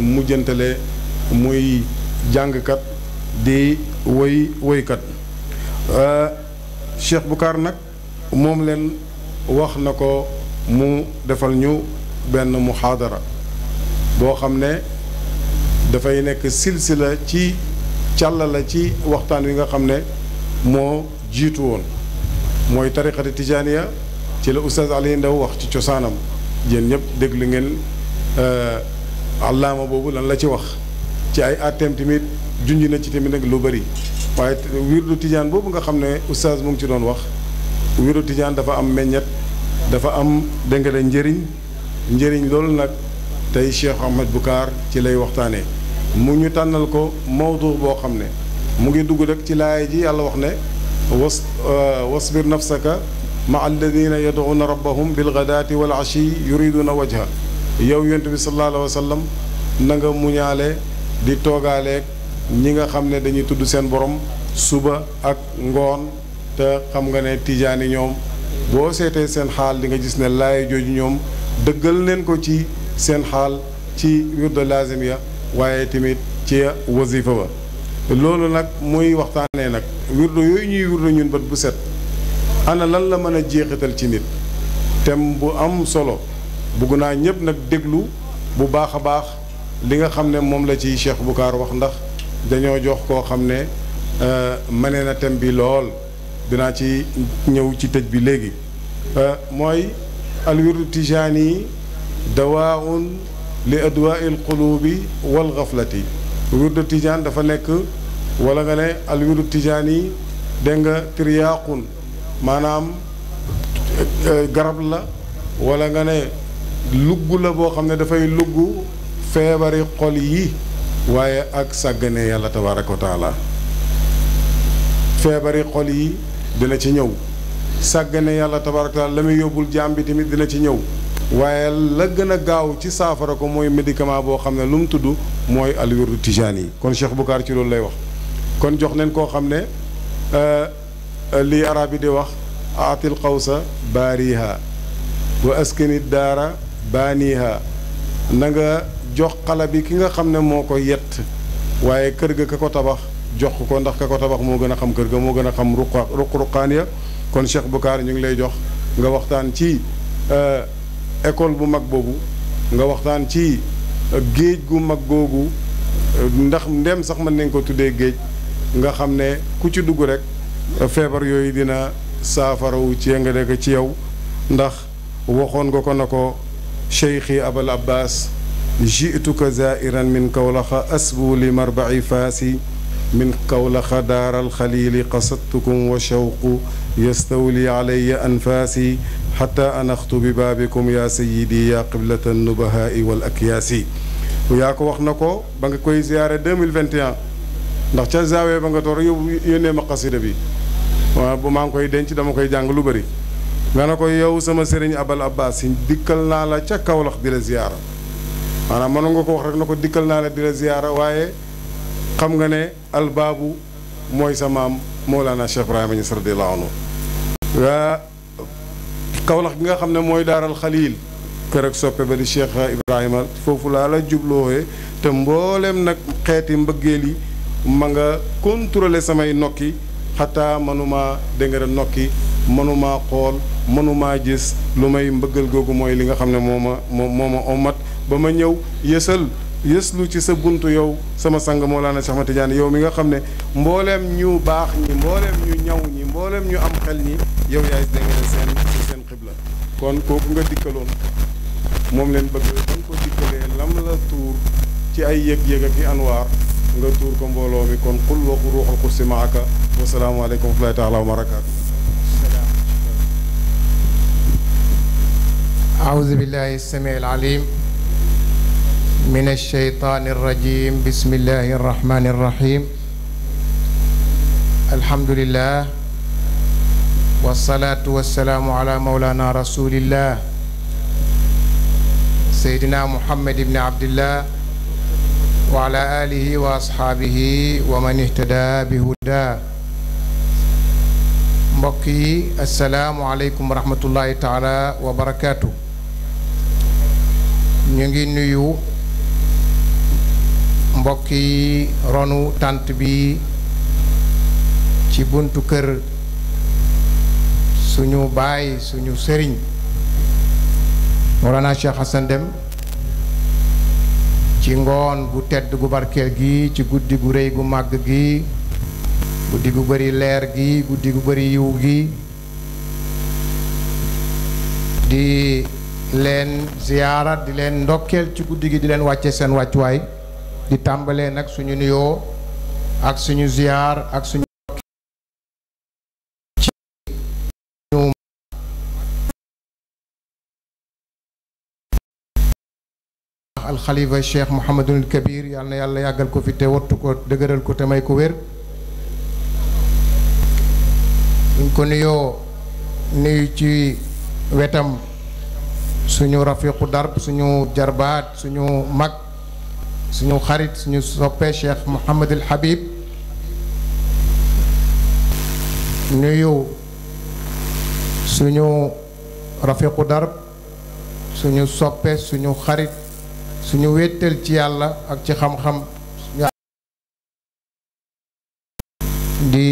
mujjantale muy jàngkat di woy woykat Cheikh Boucar nag moom leen wax na ko mu defal ñu benn muxaadara boo xam ne dafay nekk silsila ci càlla la ci waxtaan wi nga xam ne moo jiitu woon mooy tariqati tijaaniya ci la oustaz Aliou Ndaw wax ci cosaanam yéen ñëpp déglu ngeen Euh, allaama boobu lan la ci wax ci ay atteem tamit junj na ci tamit lu bari waaye wirdu tijaan boobu nga xam ne oustaz mu ngi ci doon wax wirdu tijaan dafa am meññet dafa am dégg nga njëriñ njëriñ loolu nag tey Cheikh Ahmed Boucar ci lay waxtaanee mu ñu tànnal ko mawdu boo xam ne mu ngi dugg rek ci laay ji yàlla wax ne was euh, wasbir nafsaka ma alladina yad'una rabbahum bilgadaati wal ashi yuriduna wajha yow yonent bi sallallahu alayhi wa sallam muñaale di toogaaleeg ñi nga xam ne dañuy tudd seen borom suba ak ngoon te xam nga ne tijaani ñoom boo seetee seen xaal di nga gis ne laay jooju ñoom dëggal leen ko ci seen xaal ci wirde lazim ya waaye tamit ci wasifa ba loolu nag muy waxtaanee nag wirdo yooyu ñuy wirdo ñun bët bu set ana lan la mën a jeexital ci nit tem bu am solo bugg naa ñëpp nag déglu bu baax a baax li nga xam ne moom la ci Cheikh Boucar wax ndax dañoo jox koo xam ne euh, mënee na thème bi lool dinaa ci ñëw ci tëj bi léegi euh, mooy alwirdu tijaani dawaaun li adwaa il qulubi wal gaflati wirdu tijaan dafa nekk wala nga ne alwirdu tijaan yi dégg nga triyaaqun maanaam euh, garab la wala nga ne lugg la boo xam ne dafay lugg feebari xol yi waaye ak sàggane yàlla tabaaraka wa taala feebari xol yi dina ci ñëw sàggane yàlla tabaaraka wa la muy yóbbul jaam bi tamit dina ci ñëw waaye la gën a gaaw ci saafara ko mooy médicament boo xam ne lu mu tudd mooy alwirdu tijaan yi kon Cheikh Bukaar ci loolu lay wax kon jox neen koo xam ne euh, lii arab yi di wax aatil xawsa baariha wa askini daara baaniha na nga jox xala bi ki nga xam ne moo ko yet waaye kër ga ka ko tabax jox ko ndax ka ko tabax moo gën a xam kër ga moo gën a xam ruqa ruq-ruqaan ya kon Cheikh Boucar ñu ngi lay jox nga waxtaan ci euh, école bu mag boobu nga waxtaan ci euh, géej gu mag googu euh, ndax ndem sax mën nañ ko tuddee géej nga xam ne ku ci dugg rek feebar yooyu dina wu ci nga dëkk ci yow ndax waxoon nga ko na ko شيخي أبا العباس جئتك زائرا من كولخ أسبو لمربع فاسي من كولخ دار الخليل قصدتكم وشوق يستولي علي أنفاسي حتى أنخت ببابكم يا سيدي يا قبلة النبهاء والأكياس yaa ko wax na ko ba nga koy ziyaare 2021 ndax ca zaawee ba nga toor yóbbu yónnee ma xasida bi waaw bu maa ngi koy denc dama koy jàng lu bëri nga ne ko yow sama sëriñ abal abbas si dikkal naa la ca kawlax di la ziyaara maanaam mën nga ko wax rek na ko dikkal naa la di la ziyaara waaye xam nga ne albaabu mooy sa maam Mawlana Cheikh Ibrahima Niass radiyallahu anhu waa kawlax gi nga xam ne mooy daaral xaliil kër ak soppe ba di Cheikh Ibrahima foofu laa la jubloowee te mbooleem nag xeeti mbëggeel yi ma nga contrôler samay nokki xataa mënuma dégg nga nokki mënumaa xool mënumaa gis lu may mbëggal googu mooy li nga xam ne moo ma moo ma ommat ba ma ñëw yësal yëslu ci sa buntu yow sama sang Mawlana Cheikh Ahmad Tidiane yow mi nga xam ne mbooleem ñu baax ñi mbooleem ñu ñaw ñi mbooleem ñu am xel ñi yow yaay dégg seen seen xibla kon kooku nga dikkaloon moom leen bëgg dañ ko dikkalee lam la tuur ci ay yëg-yëg ak i anwaar nga tuur ko mbooloo mi kon xul waxu ruuxal xursi maaka wasalaamualeykum wa rahmatullaahi taala wa barakaatu أعوذ بالله السميع العليم من الشيطان الرجيم بسم الله الرحمن الرحيم الحمد لله والصلاة والسلام على مولانا رسول الله سيدنا محمد بن عبد الله وعلى آله وأصحابه ومن اهتدى بهداه mbokk yi asalaamualeykum wa rahmatullahi taala wa barakaatu. ñu ngi nuyu mbokki ronu tànt bi ci buntu kër suñu baay suñu sëriñ Mawlana Cheikh Hassan ci ngoon gu tedd gu barkeel gi ci guddi gu rëy gu màgg gi guddi gu bari leer gi guddi gu bari yiw gi di leen ziyaara di ndokkeel ci guddi gi di leen wàcce seen wàccuwaay di tàmbalee nag suñu nuyoo ak suñu ziyaar ak suñu al xalifa cheikh Mouhamadul Kabir yal yàlla yàggal ko fi te wattu ko dëgëral ko te may ko wér buñ ko nuyoo nuyu ci wetam suñu rafiqu darb suñu jarbaat suñu mag suñu xarit suñu soppee soppe Cheikh Mouhamadul ñu yow suñu rafiqu darb suñu soppe suñu xarit suñu wéttal ci yàlla ak ci xam-xam di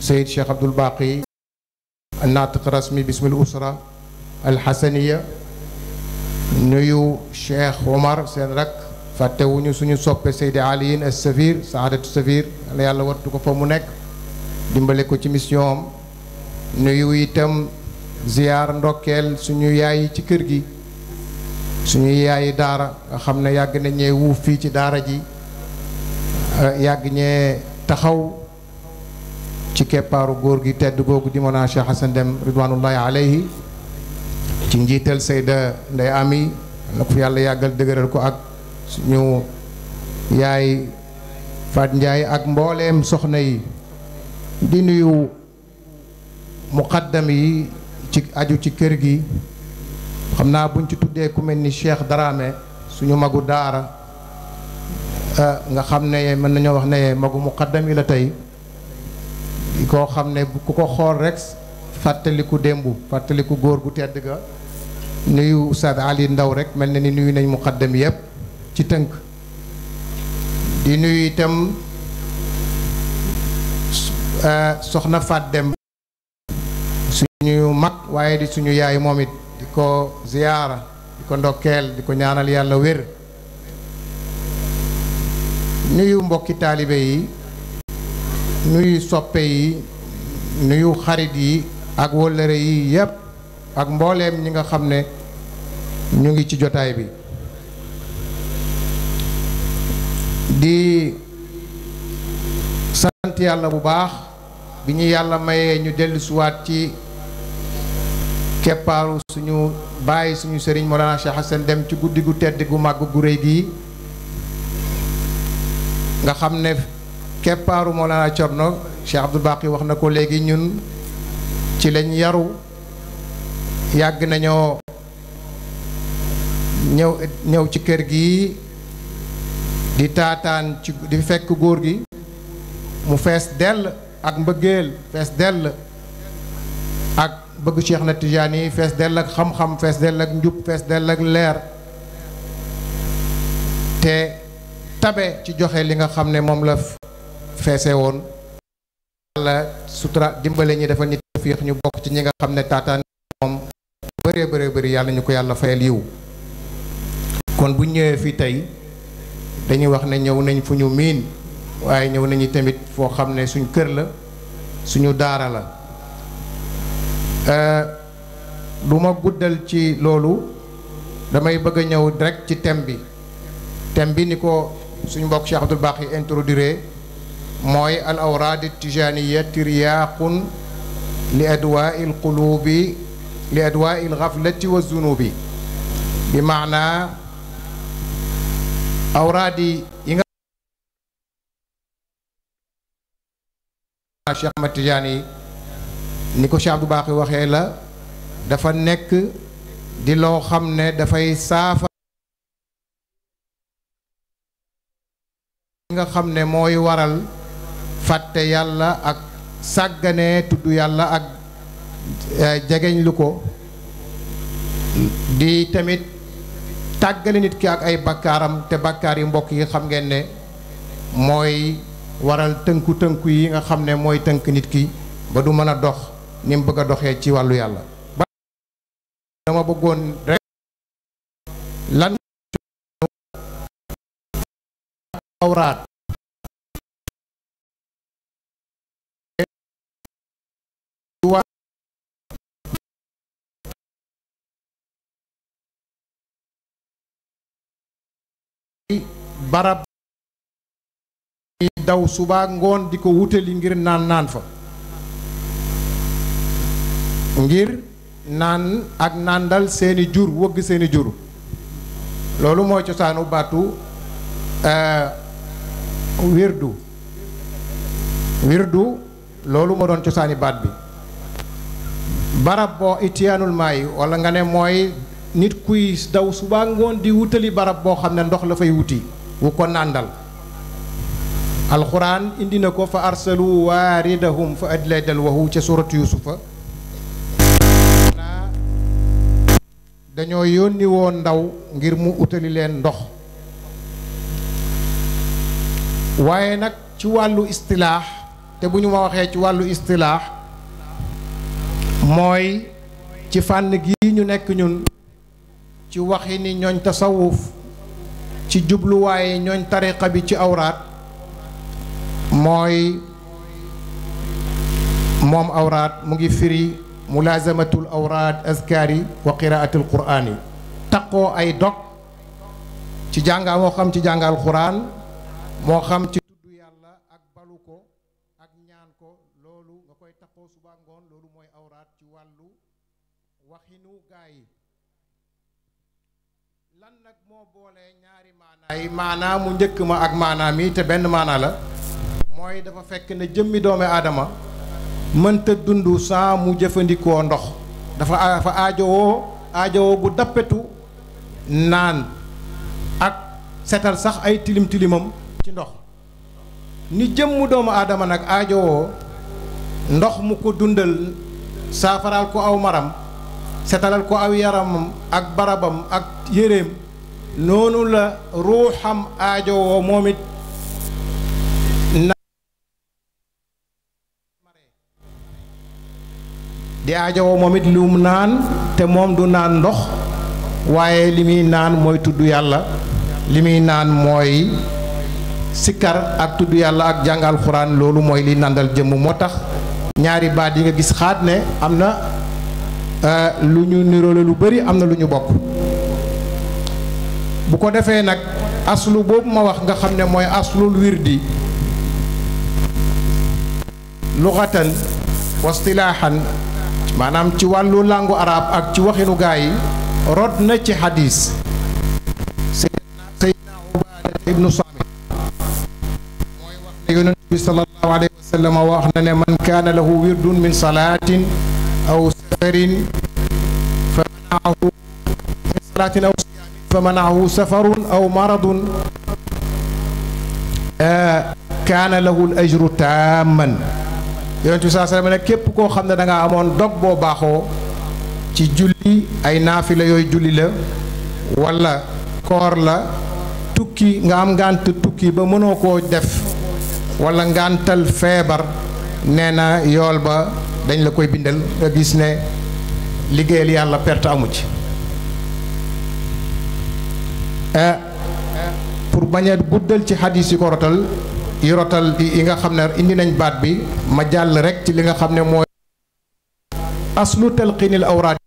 Seyd Cheikh Abdoul Baqi naatiq rasmi bismil usra alxasaniya nuyu Cheikh Omar seen rak fàttewuñu suñu soppe Seydi Aliyin as Safir saadatu Safir la yàlla wattu ko fa mu nekk dimbale ko ci mission am nuyu itam ziyaar ndokkeel suñu yaay ci kër gi suñu yaayi daara xam ne yàgg na wuuf fii ci daara ji eh, yàgg ñee taxaw ci keppaaru góor gi tedd googu di mën a Cheikh Hassan Deme ridwanullahi ci njiital Seyda Ndey Ami na ko fi yàlla yàggal dëgëral ko ak suñu yaay Fat njaay ak mbooleem soxna yi di nuyu muqaddam yi ci aju ci kër gi xam naa buñ ci tuddee ku mel ni Cheikh Dramé suñu magu daara ah, nga xam ne mën nañoo wax ne magu muqaddam yi la tey koo xam ne ku ko xool rek fàttaliku démb fàttaliku góor gu tedd ga nuyu Oustaz Ali Ndaw rek mel na ni nuyu nañ muqaddam yëpp ci tënk di nuyu itam euh, soxna Faat Dem suñu mag waaye di suñu yaay moom it di ko ziyaara di ko ndokkeel di ko ñaanal yàlla wér nuyu mbokki taalibe yi nuyu soppe yi nuyu xarit yi ak wóllëre yi yëpp ak mbooleem ñi nga xam ne ñu ngi ci jotaay bi di sant yàlla bu baax bi ñu yàlla mayee ñu dellusiwaat ci keppaaru suñu bàyyi suñu sëriñ Mawlana Cheikh Hassane Dème ci guddi gu tedd gu màgg gu rëy gii nga xam ne keppaaru Mawlana Cerno Cheikh baax Baqi wax na ko léegi ñun ci lañ yaru yàgg nañoo ñëw ci kër gi di taataan ci di fekk góor gi mu fees dell ak mbëggeel fees dell ak bëgg Cheikh na Tijaan yi fees dell ak xam-xam fees dell ak njub fees dell ak leer te tabe ci joxe li nga xam ne moom la feese woon yàlla sutura dimbale ñi dafa nit fiix ñu bokk ci ñi nga xam ne taataan moom bëree bëree bëri yàlla ñu ko yàlla fayal yiw kon bu ñëwee fii tey dañuy wax ne ñëw nañ fu ñu miin waaye ñëw nañu tamit foo xam ne suñ kër la suñu daara la euh, du ma guddal ci loolu damay bëgg a ñëw direk ci thème bi thème bi ni ko suñ mbokk Cheikh Baax yi introduire mooy al awraad tijaaniya tiryaqun li adwaa il quluubi li adwaa'i alxaflati wa zunubi bi maanaa awraadi yi nga Cheikh yi ni ko Cheikh baax yi waxee la dafa nekk di loo xam ne dafay saafa nga xam ne mooy waral fàtte yàlla ak sàggane tudd yàlla ak Eh, jegeñ ko di tamit tàggale nit ki ak ay bakkaaram te bakkaar yi mbokk yi xam ngeen ne mooy waral tënku tënku yi nga xam ne mooy tënk nit ki ba du mën a dox ni mu bëgg a doxee ci wàllu yàlla ba dama bëggoon rek lan barab daw subaa ngoon di ko wutali ngir naan naan fa ngir naan ak nàndal seeni jur seeni jur loolu mooy cosaanu baatu eh, wirdu wirdu loolu moo doon cosaani baat bi barab boo itiyaanul maay walla nga ne mooy nit kuy daw subaa ngoon di wutali barab boo xam ne ndox la fay wuti wu ko nàndal alxuraan indi na ko fa arsalu waaridahum fa adlay dalwahu ca suratu yusufa dañoo yónni woo ndaw ngir mu utali leen ndox waaye nag ci wàllu istilaax te bu ñu ma waxee ci wàllu istilaax mooy ci fànn gi ñu nekk ñun ci waxi ni ñooñ tasawuf ci jubluwaay ñooñ tariqa bi ci awraat mooy moom awraat mu ngi firi mulaazamatul awraat azkaari wa qiraatul quraani taqoo ay dog ci jàngaa moo xam ci jàngal quraan moo xam ci tudd yàlla ak balu ko ak ñaan ko loolu nga koy taqoo suba ngoon loolu mooy awraat ci wàllu waxinu gaa ay maanaa mu njëkk ma ak maanaa mi te benn maanaa la mooy dafa fekk ne jëmmi doomi aadama mënta dund sans mu jëfandikoo ndox dafa dafa aajowoo aajowoo bu dappetu naan ak setal sax ay tilim tilimam ci ndox ni jëmmu doomu aadama nag aajowoo ndox mu ko dundal saafaraal ko aw maram setalal ko aw yaramam ak barabam ak yéreem noonu la ruuxam aajowoo moom it na di aajowoo moom it lu naan te moom du naan ndox waaye li muy naan mooy tudd yàlla li muy naan mooy sikkar ak tudd yàlla ak jàng alxuraan loolu mooy li nandal jëm moo tax ñaari baat yi nga gis xaat ne am na euh, lu ñu niroole lu bari am na lu ñu bokk bu ko defee nag aslu boobu ma wax nga xam ne mooy aslul wirdi luxatan wastilaaxan maanaam ci wàllu làngu arab ak ci waxinu gaa yi rot na ci xadiis sayyidina Ubaada ibnu Saamit mooy wax ne wa sallam wax na ne man kaana lahu wirdun min salaatin aw safarin fa manaahu min salaatin aw فمنعه سفر aw maradon kaana lahu l ajru taaman yonent bi saa sallam ne képp koo xam ne dangaa amoon dog boo baaxoo ci julli ay naafila yooyu julli la wala koor la tukki nga am ngànt tukki ba mënoo koo def walla ngantal feebar nee na yool ba dañ la koy bindal nga gis ne liggéeyal yàlla perte amu ci Eh, pour bañ a guddal ci xadis yi ko rotal yi rotal yi nga xam ne indi nañ baat bi ma jàll rek ci li nga xam ne mooy aslu talqinil awraat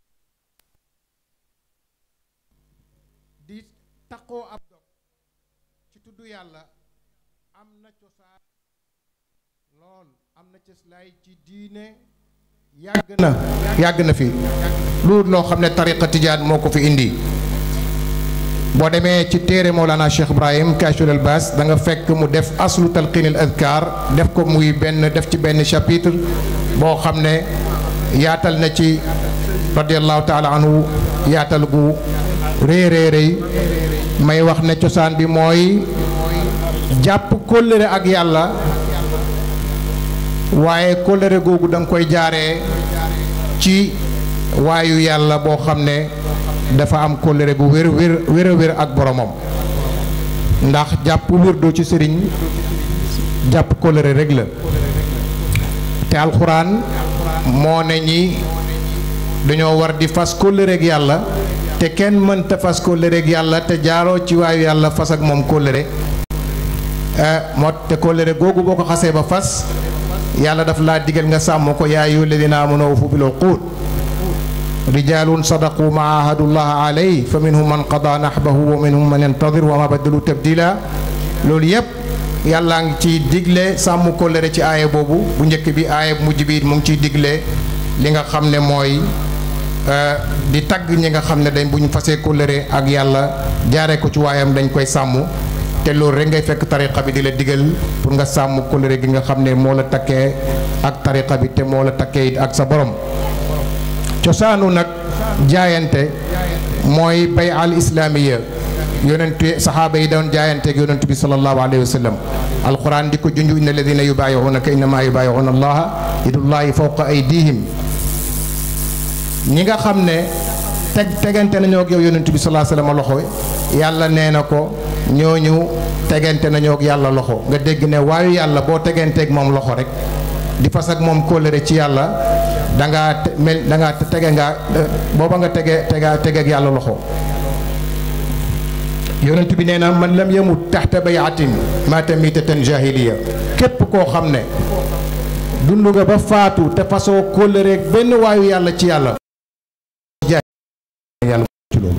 di taqoo ab dog ci tudd yàlla am na cosaan lool am na cëslaay ci diine yàgg na yàgg na fi loolu loo xam ne tariqa tijaan moo ko fi indi boo demee ci téere Mawlana Cheikh Ibrahim Kashful Albas da nga fekk mu def aslu talqinil adkaar def ko muy benn def ci benn chapitre boo xam ne yaatal na ci radiallahu taala anhu yaatal gu rëy rëy may wax ne cosaan bi mooy jàpp kóllëre ak yàlla waaye kóllëre googu danga koy jaaree ci waayu yàlla boo xam ne dafa am kóllëre gu wér wér wér wér ak boroomam ndax jàpp wérdo ci sëriñ jàpp kóllëre rek la te alxuraan moo ne ñi dañoo war di fas kóllëre ak yàlla te kenn mënta fas kóllëre ak yàlla te jaaroo ci waayu yàlla fas ak moom kóllëre eh, moo te kóllëre googu boo ko xasee ba fas yàlla daf laa digal nga sàmm ko yaa ayyuhal ladiina aamanuu awfuu bil uquud rijalun sadaqu ma ahadullah alay fa minhum man qada nahbahu wa minhum man yantadir wa ma baddalu tabdila loolu yépp yàllaa ngi ciy digle sàmm kóllëre ci aaya boobu bu njëkk bi aaya bu mujj bi mu ngi ciy digle li nga xam ne mooy euh, di tagg ñi nga xam ne dañ bu ñu fasee kóllëre ak yàlla jaaree ko ci waayam dañ koy sàmm te loolu rek ngay fekk tariqa bi di la digal pour nga sàmm kóllëre gi nga xam ne moo la takkee ak tariqa bi te moo la takkee ak sa borom cosaanu nag jaayante mooy bay al islaamiya yonentu saxaaba yi doon jaayante ak yonentu bi sallallahu alayhi wa sallam alquran di ko yu junju inna alladina yubaayi'unaka innama yubaayi'una allaha yadullahi fawqa aydihim ñi nga xam ne teg tegante nañoo ak yow yonentu bi sallallahu alayhi wa loxo yàlla nee na ko ñooñu tegante nañoo yàlla loxo nga dégg ne waayu yàlla boo teganteeg moom loxo rek di fas ak moom kóllëre ci yàlla da ngaa mel da ngaa tege nga booba nga tegee tega tegeeg yàlla loxo yonent bi nee na man lam yamut taxta bayatin maata mitatan jahiliya képp koo xam ne dund nga ba faatu te fasoo kóllëreeg benn waayu yàlla ci yàlla yàlla ci loolu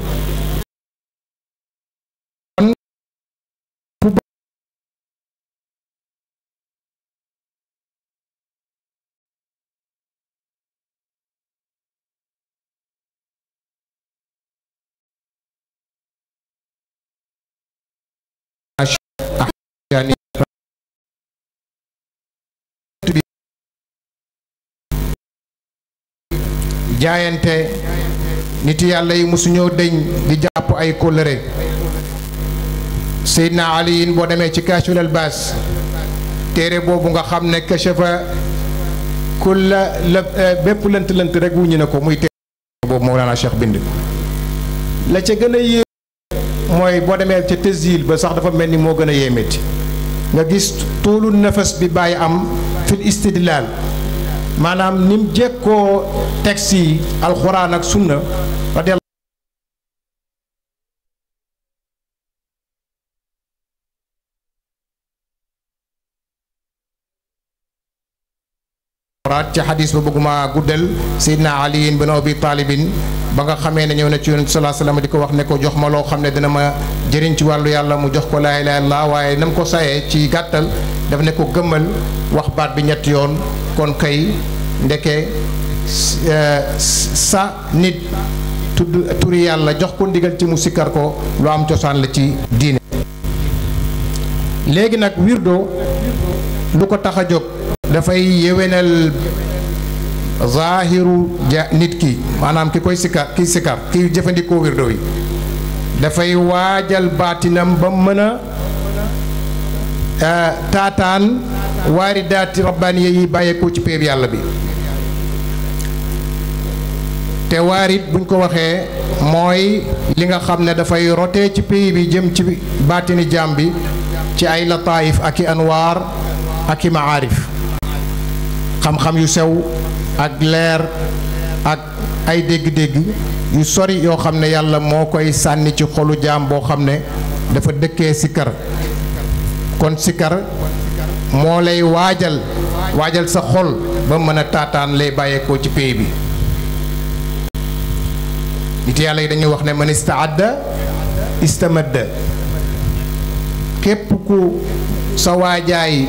jaayante nit yàlla yi mosuñoo dëñ di jàpp ay kóllëre Seydina Ali yin boo demee ci Kaashiful baas téere boobu nga xam ne kashafa kulla la bépp lënt lënt rek ñu ne ko muy téere boobu Mawlana Cheikh bind la ca gën a mooy boo demee ca tësil ba sax dafa mel ni moo gën a yéemeeti nga gis tuulu nafas bi bàyyi am fil istidlaal maanaam ni mu jekkoo texte yi alxuraan ak sunna raat ci xadis ba bëgguma guddal Seydina Ali bin Abi Taalibin ba nga xamee ne ñëw na ci yonent salaa salaam di ko wax ne ko jox maloo xam ne dina ma jëriñ ci wàllu yàlla mu jox ko laa ilaaha illallaah waaye na mu ko sayee ci gàttal daf ne ko gëmmal wax baat bi ñetti yoon kon kay ndeke euh, sa nit tudd turi yàlla jox ko ndigal ci mu sikkar ko lu am cosaan la ci diine léegi nag wirdo lu ko tax a jóg dafay yewenal zaahiru ja nit ki maanaam ki koy sikkar kiy sikkar kiy jëfandikoo wirdo yi dafay waajal baatinam ba mën Eh, taataan waari daati rabbaaniya yi bàyyeekoo ci péeb yàlla bi te waarit buñ ko waxee mooy li nga xam ne dafay rotee ci pays bi jëm ci baatini jaam bi ci ay lataayif ak i anwaar ak i maarif xam-xam yu sew ak leer ak ay dégg-dégg yu sori yoo xam ne yàlla moo koy sànni ci xolu jaam boo xam ne dafa dëkkee sikkar kon sikar moo lay waajal waajal sa xol ba mën a taataan lay bàyyeekoo ci pay bi nit yàlla yi dañuy wax ne man istaadda istamadda képp ku sa waajaay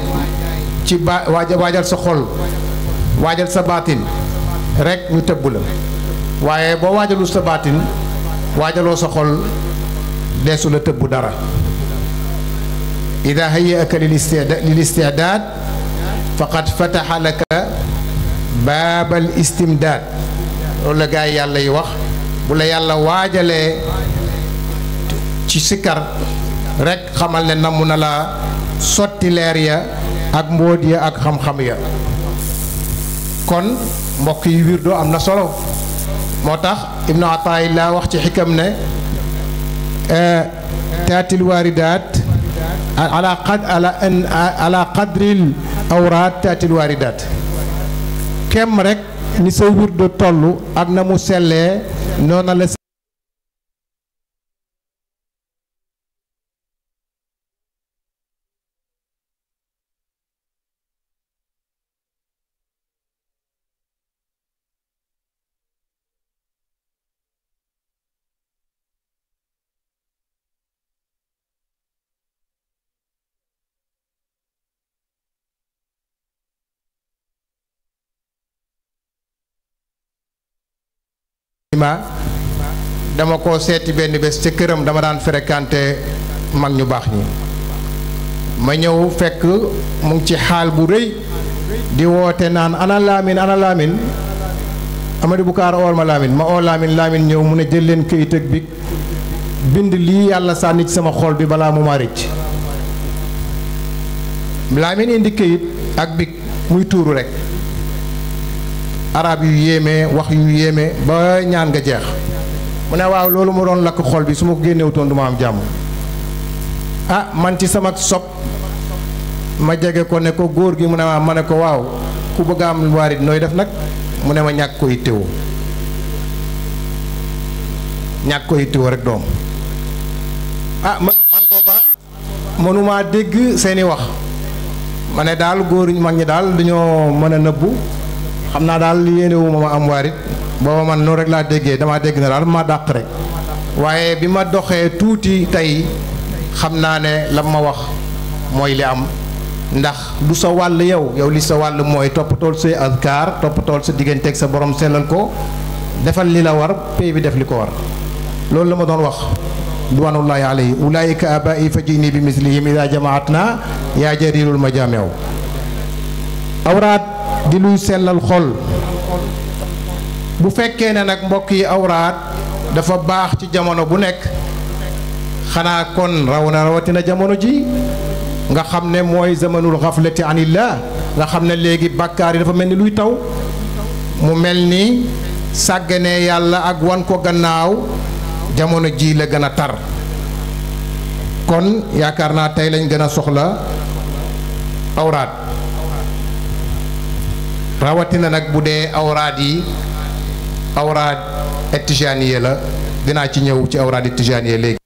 ci ba waajal sa xol waajal sa baatin rekk ñu tëbb la waaye boo waajalul sa baatin waajaloo sa xol deesu la tëbb dara ida hayyaaka lil istidaad faqad fataxa laka baabal istimdaad loolu la gaa yi yàlla yi wax bu la yàlla waajalee ci sikkar rekk xamal ne namm na la sotti leer ya ak mbóot ya ak xam-xam ya kon mbokk yi wirdo am na solo moo tax ibnu ataayillah wax ci xikam ne eh, taatil waaridaat ala qad ala qadril awraat taatil waaridaat kem rek ni sa wird tollu ak na mu sellee noona la ma dama ko seeti benn bés ca këram dama daan fréquenté mag ñu baax ñi ma ñëw fekk mu ngi ci xaal bu rëy di woote naan ana laamin ana laamin amadi bukaar ool ma laamin ma oo laamin laamin ñëw mu ne jël leen këyit ak bi bind lii yàlla sànni ci sama xol bi balaa mu ma ricc laamin indi kayit ak bi muy tuuru rekk araab yu yéeme wax yu yéeme ba ñaan nga jeex mu ne waaw loolu mu doon lakk xol bi su ma ko génnewutoon du ma am jàmm a ah, man ci sama sob ma jege ko ne ko góor gi mu ne ma ma ne ko waaw ku bëgg a am waarit nooy def nag mu ne ma ñàkk ko yittewoo ñàkk ko yittewoo rek doom ah man booba mënumaa dégg seeni wax ma ne daal góor mag ñi daal dañoo mën a nëbbu xam naa daal yéene wu ma am am waarit booba man noonu rek laa déggee damaa dégg na daal ma dàq rek waaye bi ma doxee tuuti tey xam naa ne la ma wax mooy li am ndax du sa wàll yow yow li sa wàll mooy toppatool say azkar toppatool sa digganteeg sa borom sellal ko defal li la war pay bi def li ko war loolu la ma doon wax duwanullahi alayhi ulaayika abai fa jini bi mislihim laa jamaat na yaa ma majaamew awraat di luy sellal xol bu fekkee ne nag mbokk yi awraat dafa baax ci jamono bu nekk xanaa kon raw na rawatina jamono ji nga xam ne mooy zamanul xaflati anillah nga xam ne léegi bàkkaar yi dafa mel ni luy taw mu mel ni sàggane yàlla ak wan ko gannaaw jamono ji la gën a tar kon yaakaar naa tey lañu gën a soxla awraat rawatina nag bu dee awraad yi awraad et la dinaa ci ñëw ci awraad et léegi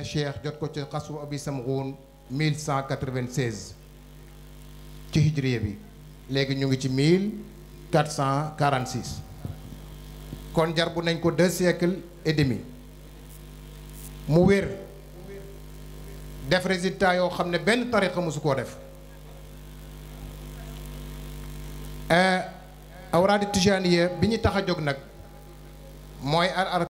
na cheikh jot ko ci xasru abi samxuun 1196 ci hijriya bi léegi ñu ngi ci 1446 kon jar bu nañ ko deux siècles et demi mu wér def résultat yoo xam ne benn tariqa mosu koo def euh, awraadi tijaaniya bi ñu tax a jóg nag mooy ar ar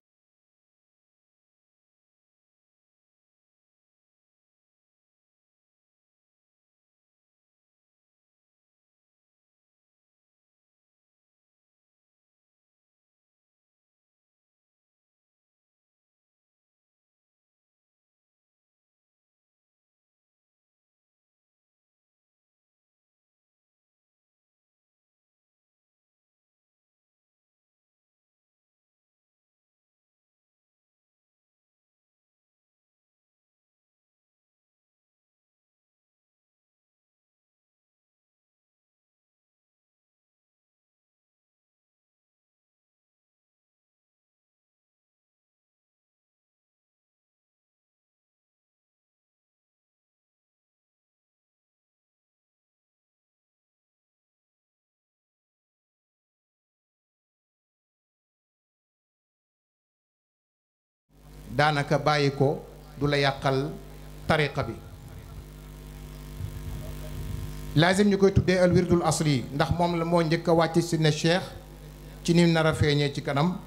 daanaka bàyyi ko du la yàqal tariqa bi laazim ñu koy tuddee al wirdul asli ndax moom la moo njëkk a wàcc si ne cheikh ci ni nar a feeñee ci kanam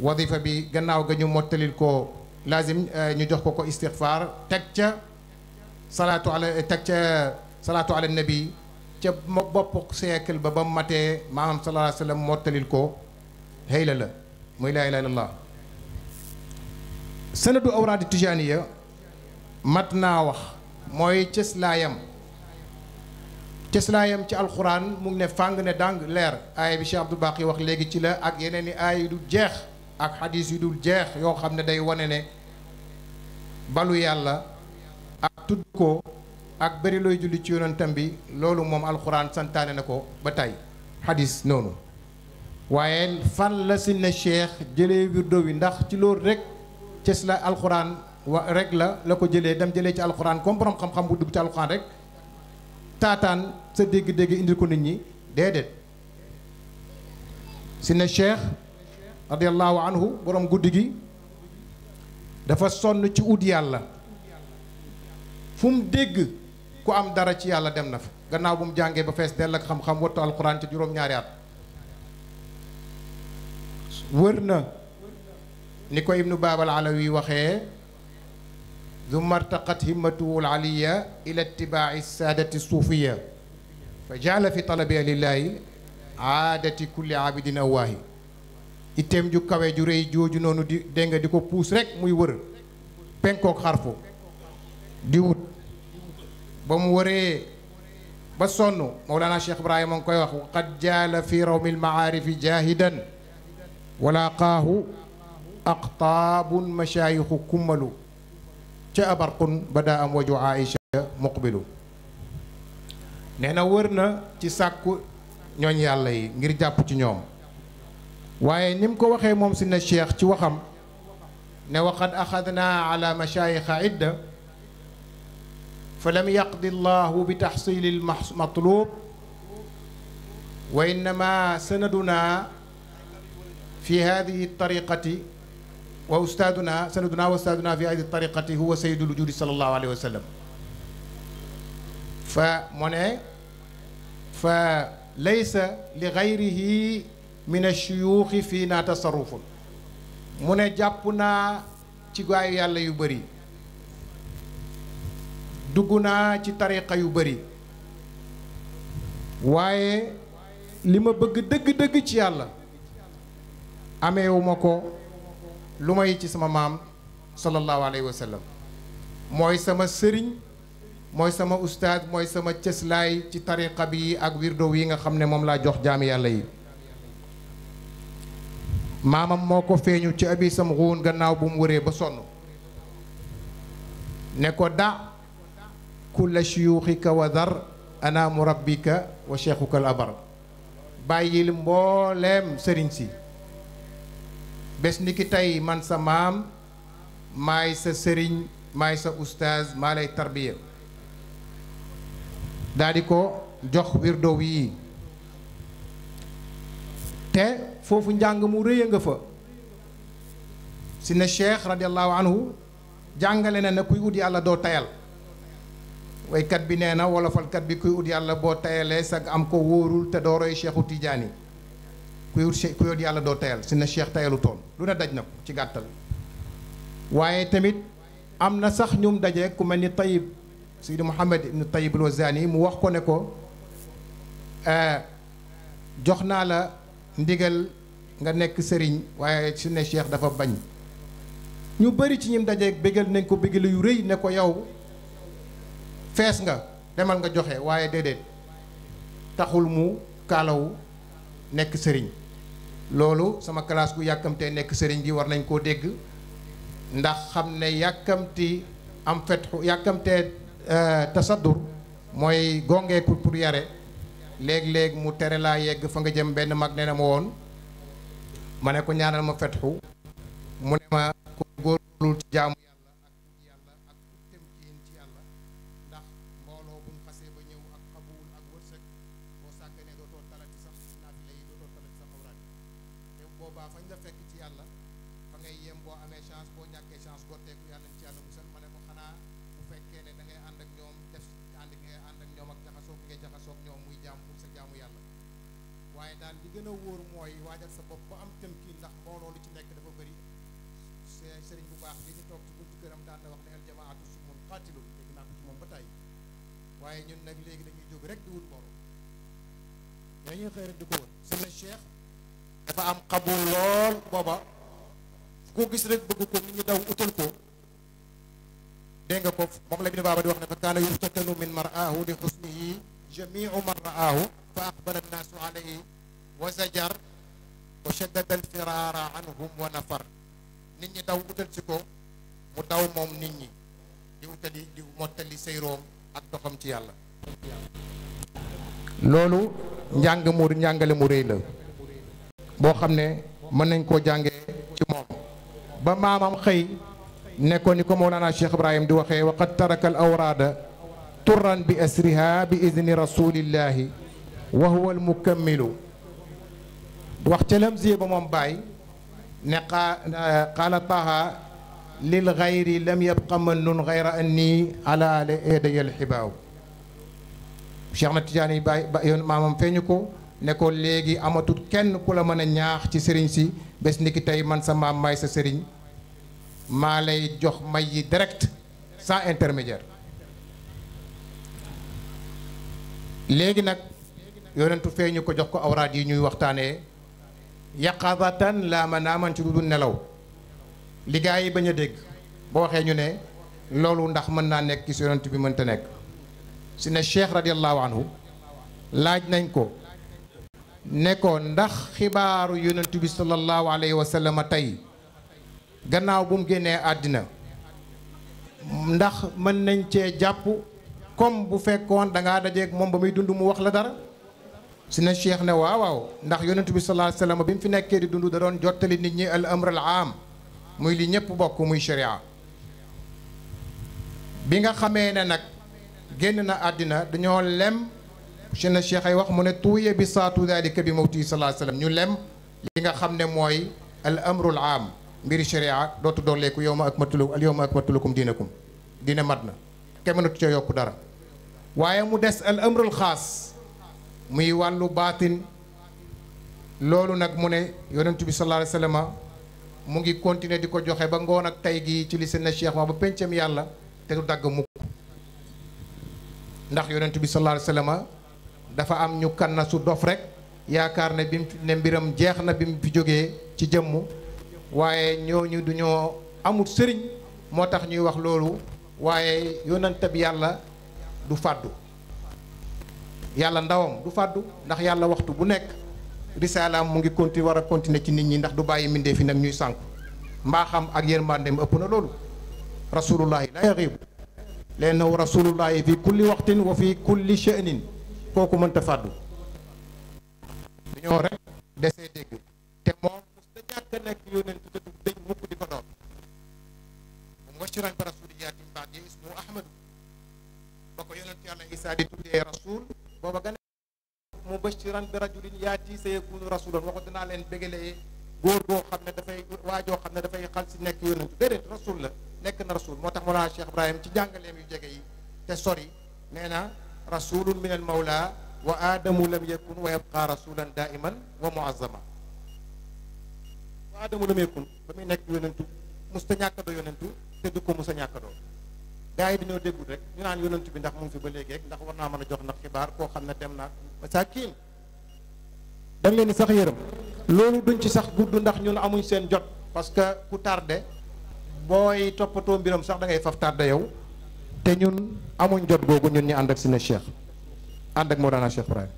wadifa bi gannaaw ga ñu mottalil ko laazim euh, ñu jox ko ko istixfaar teg ca salaatu ala teg ca salaatu ala nabi ca bopp siècle ba ba matee maanaam sallallahu alayhi wa mottalil ko xëy la muy laa ilaaha illallaah sanadu awraadi tijaaniya mat naa wax mooy cëslaayam cëslaayam ci alxuraan mu ngi ne fàng ne dàng leer aaya bi Cheikh baax Baqi wax léegi ci la ak yeneen i aaya yu dul jeex ak xadiis yu dul jeex yoo xam ne day wane ne balu yàlla ak tudd ko ak bëri looy julli ci yonentam bi loolu moom alxuraan santaane na ko ba tey xadiis noonu waaye fan la si ne cheikh jëlee wirdo wi ndax ci loolu rek cës la alxuraan wa rek la la ko jëlee dem jëlee ci alxuraan comme borom xam-xam bu dugg ci alxuraan rek taataan sa dégg-dégg indil ko nit ñi déedéet si ne cheikh radiallahu anhu borom guddi gi dafa sonn ci ut yàlla fu mu dégg ku am dara ci yàlla dem na fa gannaaw bu mu jàngee ba fees dell ak xam-xam wattu alxuraan ci juróom-ñaari at wër na ni ko ibnu baabal alawi waxee zumma artaqat himmatuhu alaliya ila itibaaci saadati suufiya fa jaala fi talabiha lillahi aadati kulli aabidin awaahi itteem ju kawe ju rëy jooju noonu di dégg di ko puus rek muy wër penkook xarfu di wut ba mu wëree ba sonn Mawlana Cheikh Ibrahima a ngi koy wax qad jaala fi rawmi almaarifi jaahidan walaa qaahu aqtaabun mashaayixu kummalu ca abarqun bada am waju aïcha muqbilu nee na wër na ci sàkku ñooñ yàlla yi ngir jàpp ci ñoom waaye nim ko waxee moom si na ci waxam ne waqad axadnaa ala mashaayixa idda fa lam yaqdi llahu bi taxsili lmatlub wa innama sanaduna fi hadihi tariqati wa ustaaduna naa wa ustaaduna fi hadi tariqati huwa sayyidul wujudi sallallahu wa sallam fa mu ne fa laysa li gayrihi min ashuyuuxi fii naa tasarufun mu ne jàpp naa ci gaayu yàlla yu bari dugg naa ci tariqa yu bëri waaye li ma bëgg dëgg-dëgg ci yàlla ameewu ko lu may ci sama maam sallallahu alayhi wa mooy sama sëriñ mooy sama ustaad mooy sama cëslaay ci tariqa bi ak wirdo yi nga xam ne moom laa jox jaami yàlla yi maamam moo ko feeñu ci abi sam ruun gannaaw bu mu wëree ba sonn ne ko da kulla shuyuuxika wa dar ana murabbika wa cheikhuka al abar bàyyil mbooleem sëriñ si bés ni ki tey man sa maam may sa sëriñ maay sa oustaz maa lay tarbiya daldi ko jox wirdo yi te foofu njàng mu rëy a nga fa si na cheikh radiallahu anhu jàngale na na kuy ut yàlla doo tayal waykat bi nee na wolofalkat bi kuy ut yàlla boo tayalee sag am ko wóorul te doo roy cheikhu tijaani ku yóot yàlla doo tayal si na Cheikh tayalu toon lu ne daj na ko ci gàttal waaye tamit am na sax ñum daje ku mel ni Tayyib Sidi Mouhamed ibnu Tayyib al-Wazani mu wax ko ne ko eh, jox naa la ndigal nga nekk sëriñ waaye su ne Cheikh dafa bañ ñu bari ci ñim daje bégal nañ ko bégal yu rëy ne ko yow fees nga demal nga joxe waaye déedéet taxul mu kaalawu nekk sëriñ loolu sama classe gu yàkkamtee nekk sëriñ bi war nañ koo dégg ndax xam ne yàkkamti am fetxu yàkkamtee euh, tasaddur mooy gongeeku pour yare léeg-léeg mu tere laa yegg fa nga jëm benn mag nee na ma woon ma ne ko ñaanal ma fetxu mu ne ma ko góorlu ci jaamu dafa am xabul lool booba ku gis rek bëgg ko nit ñi daw utal ko dégg nga ko moom la bi baaba di wax na fa kaana yuftatalu min mar'aahu li xusnihi jamiu man ra'aahu fa aqbala annaasu alayhi wa zajar wa shaddada alfiraara anhum wa nafar nit ñi daw utal si ko mu daw moom nit ñi di utali di sayroom ak doxam ci yàlla loolu njàng mu njàngale mu la boo xam ne mën nañ koo jàngee ci moom ba maamam xëy ne ko ni ko Mawlana Cheikh Ibrahim di waxe waqad taraka al awraada turan bi asriha bi idni rasulillahi wa huwa al mukammilu wax ca lamziye ba moom bàyyi ne qaala taha lil gayri lam yabqa mannun gayra anni ala ala eedaya alxibaaw Cheikh na Tijaani ba yoon maamam feeñu ko nekkoon léegi amatul kenn ku la mën a ñaax ci sëriñ si bés ni ki tey man sa maam may sa sëriñ maa lay jox may yi direct sans intermédiaire léegi nag yonentu feeñu ko jox ko awraat yi ñuy waxtaanee yaqazatan laa man ci lu nelaw liggéey yi bañ a dégg boo waxee ñu ne loolu ndax mën naa nekk si yonent bi mënta nekk si ne cheikh radiallahu anhu laaj nañ ko ne ko ndax xibaaru yonent bi sallallahu alayhi wa tey gannaaw bu mu génnee àddina ndax mën nañ cee jàpp comme bu fekkoon danga ngaa moom ba muy dund mu wax la dara si na cheikh ne waaw waaw ndax yonent bi sallallahu alayhi bi mu fi nekkee di dund da doon jottali nit ñi al amr al aam muy lii ñëpp bokk muy sharia bi nga xamee ne nag génn na àddina dañoo lem si na ay wax mu ne tuuye bi saatu dalika bi mawti salaa nga xam ne mooy al amrul aam mbiri sharia dootu dooleeku yow ma ak matulu al yow ma ak matulukum diinakum diine mat na kenn mënatu ca yokku dara waaye mu des amrul xaas muy wàllu baatin loolu nag mu ne yonentu bi salaa mu ngi continuer di ko joxe ba ngoon ak tey gi ci li seen na cheikh ba pencam yàlla te du dagg mukk ndax yonentu bi salaa sallam dafa am ñu kan su dof rek yaakaar ne bi ne mbiram jeex na bi mu fi jógee ci jëmm waaye ñooñu du ñoo amul sëriñ moo tax ñuy wax loolu waaye yonentab yàlla du fàddu yàlla ndawam du fàddu ndax yàlla waxtu bu nekk risaalaam mu ngi continuer war a continuer ci nit ñi ndax du bàyyi mindee fi nag ñuy sànku mbaaxam ak yërmandeem ëpp na loolu rasulullahi la yaxiibu lenn rasulullahi fi kulli waxtin wa fi kulli sha'nin kooku mënta fàddu dañoo rek desee dégg te moom mos na ñàkk a nekk yónent te du dëj mukk di ko doon mu masiran bi rasulillahi min ba'di ismu ahmadu ba ko yonent yàlla isaa di tuddee rasul booba gane mu bashiran bi rajulin yaati sayakunu rasulan waxu leen bégalee góor goo xam ne dafay waajoo xam ne dafay xal si nekk yónent déedéet rasul la nekk na rasul moo tax laa Cheikh Ibrahim ci jàngaleem yu jege yi te sori nee rasulun min al wa aadamu lam yakun wa yabqa rasulan daiman wa muazzama wa aadamu lam yakun ba muy nekk yonentu musta ñàkkadoo yonentu te du ko musa ñàkkadoo gars yi dañoo déggul rek ñu naan yonentu bi ndax mu ngi fi ba léegi ndax war naa mën a jox ndax xibaar koo xam ne dem naa masaakiin da nga leen di sax yërëm loolu duñ ci sax gudd ndax ñun amuñ seen jot parce que ku tardé booy toppatoo mbiram sax dangay ngay faf tardé yow te ñun amuñ jot googu ñun ñu ànd ak Sine Cheikh ànd ak Mawlana Cheikh Ibrahima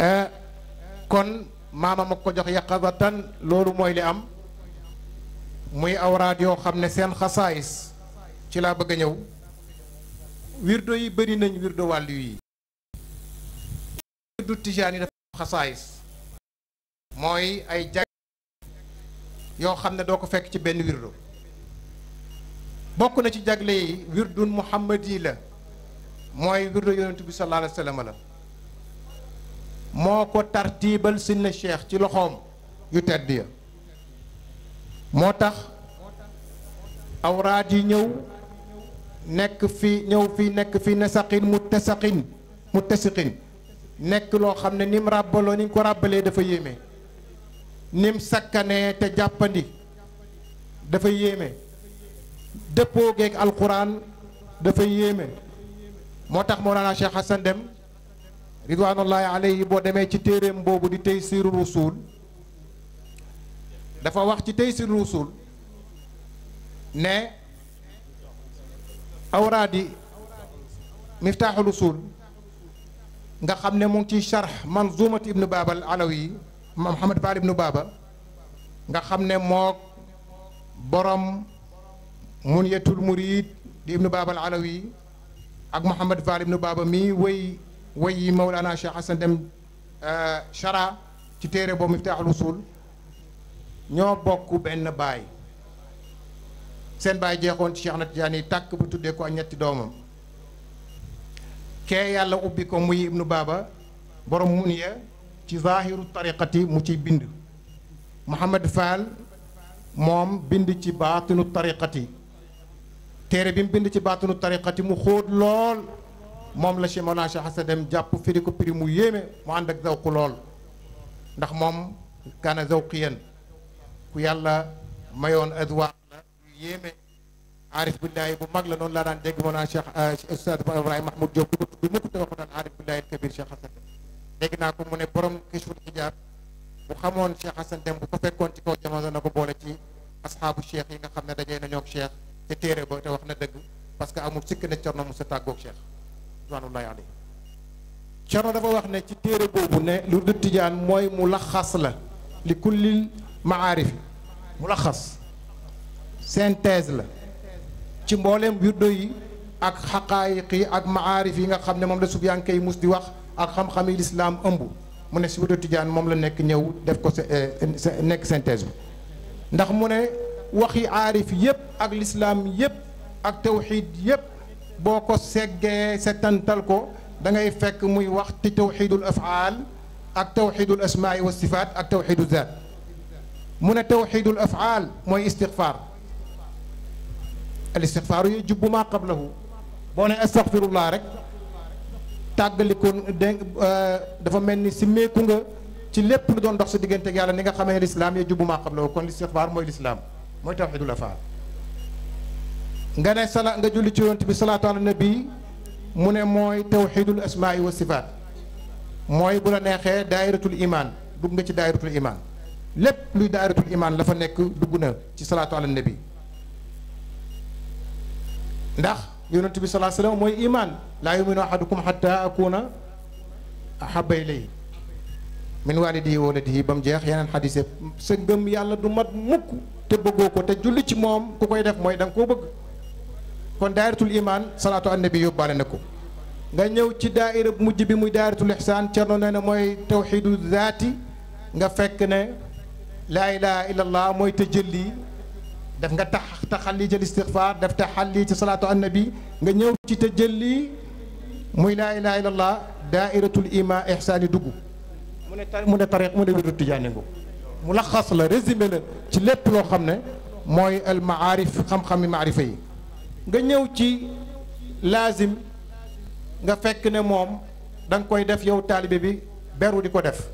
eh, kon maama ma ko jox yaqazatan loolu mooy li am muy awraad yoo xam ne seen xasaayis ci laa bëgg a ñëw wirdo yi bari nañ wirdo wàllu yi wirdu tijaan yi dafa xasaayis mooy ay jag yoo xam ne doo ko fekk ci benn wirdo bokk na ci jagle yi wirdun muhammad yi la mooy wirdu yonent bi sallallahu alayhi wa la moo ko tartiibal sinna cheikh ci loxoom yu tedd ya moo tax awraat yi ñëw nekk fi ñëw fi nekk fi nasaqin mu tasaqin mu tasiqin nekk loo xam ne ni mu ràbbaloo ni ko ràbbalee dafa yéeme nim mu sakkanee te jàppandi dafa yéeme dëppoo geeg alquran dafa yéeme moo tax Mawlana Cheikh Hassan Deme ridwanullahi alayhi boo demee ci téereem boobu di tey Taysiru Rusul dafa wax ci tey Taysiru Rusul ne awraad yi miftaaxul usul nga xam ne mu ngi ciy charx manzumat ibnu baaba al alawi Muhammad Baal ibnu baaba nga xam ne mook borom Munyatul Murid di ibnu Baaba Alawi ak Mouhamad Fall ibnu Baaba mii wéy wéy yi Mawlana Cheikh Hassan Dem Chara euh, ci téere boobu lu suul ñoo bokk benn baay seen baay jeexoon ci Cheikh na Tijaani tàkk bu tuddee ko ak ñetti doomam kee yàlla ubbi ko muy ibnu Baaba borom Munya ci zaahiru tariqati mu ci bind Mouhamad Fall moom bind ci baatinu tariqati téere bi mu bind ci baatunu tariqati mu xóot lool moom la Mawlana Cheikh Issa Diagne jàpp firi ko prix mu yéeme mu ànd ak zawqu lool ndax moom kaana zawqiyan ku yàlla mayoon adwaar la yu yéeme aarif billahi bu mag la noonu laa daan dégg Mawlana Cheikh euh, Oustaz Ibrahima Mahmoud Diop du ko tudd mukk te waxu daan aarif billahi kabir Cheikh Issa Diagne dégg naa mu ne borom kishful hijaab bu xamoon Cheikh Issa Diagne bu ko fekkoon ci kaw jamono na ko ci asxaabu cheikh yi nga xam ne dajee nañoo te téere ba wax na dëgg parce que amul sikk ne Cerno Musa tàggoog Cheikh ridwaanullaahi alayhi Cerno dafa wax ne ci téere boobu ne lu du tijaan mooy mu laxas la li kullil maarifi mu laxas synthèse la ci mbooleem wirdo yi ak xaqaayiq yi ak maarif yi nga xam ne moom la subiyanke yi mus di wax ak xam-xam yi lislaam ëmb mu ne si wirdu tijaan moom la nekk ñëw def ko sa eh, nekk synthèse bi ndax mu ne waxi aarif yëpp ak lislaam yëpp ak tawxiid yëpp boo ko seggee setantal ko dangay fekk muy wax ci tawxiidul afaal ak tawxiidul asmaai wa sifaat ak tawxiidu zaat mu ne tawxiidul afaal mooy istixfaar al istixfaaru yu jubbu maa qablahu boo ne astaxfirullah rek tàggaliko dégg euh, dafa mel ni si meeku nga ci lépp lu doon dox sa diggante ak yàlla ni nga xamee lislaam ya jubbu maa qablahu kon l' mooy lislaam mooy tawxidul afaal nga ne sala nga julli ci yonent bi salaatu ala nabi mu ne mooy tawxidul asmaai wa sifaat mooy bu la neexee daayiratul imaan dugg nga ci daayiratul imaan lépp luy daayiratul imaan la fa nekk dugg na ci salaatu ala nabi ndax yonent bi salaa salaam mooy imaan laa yuminu ahadukum xatta akuna ahaba ilayhi min waalidihi waladihi ba mu jeex yeneen xadis yëpp sa ngëm yàlla du mat mukk te bëggoo ko te julli ci moom ku koy def mooy danga nga koo bëgg kon daayiratul imaan salaatu annabi yóbbaale na ko nga ñëw ci daaira bu mujj bi muy daayiratul ihsaan cerno nee na mooy tawxiidu zaati nga fekk ne laa ilaha illallah mooy tëjëlli def nga tax taxalli ci istixfaar def taxalli ci salaatu annabi nga ñëw ci tëjëlli muy laa ilaha illallah daayiratul imaan ihsaan yi mu ne tari mu ne tariq mu ne wirdu tijaani mu laxas la résumé la ci lépp loo xam ne mooy al maarif xam-xami maarifa yi nga ñëw ci laazim nga fekk ne moom danga koy def yow taalibe bi beru di ko def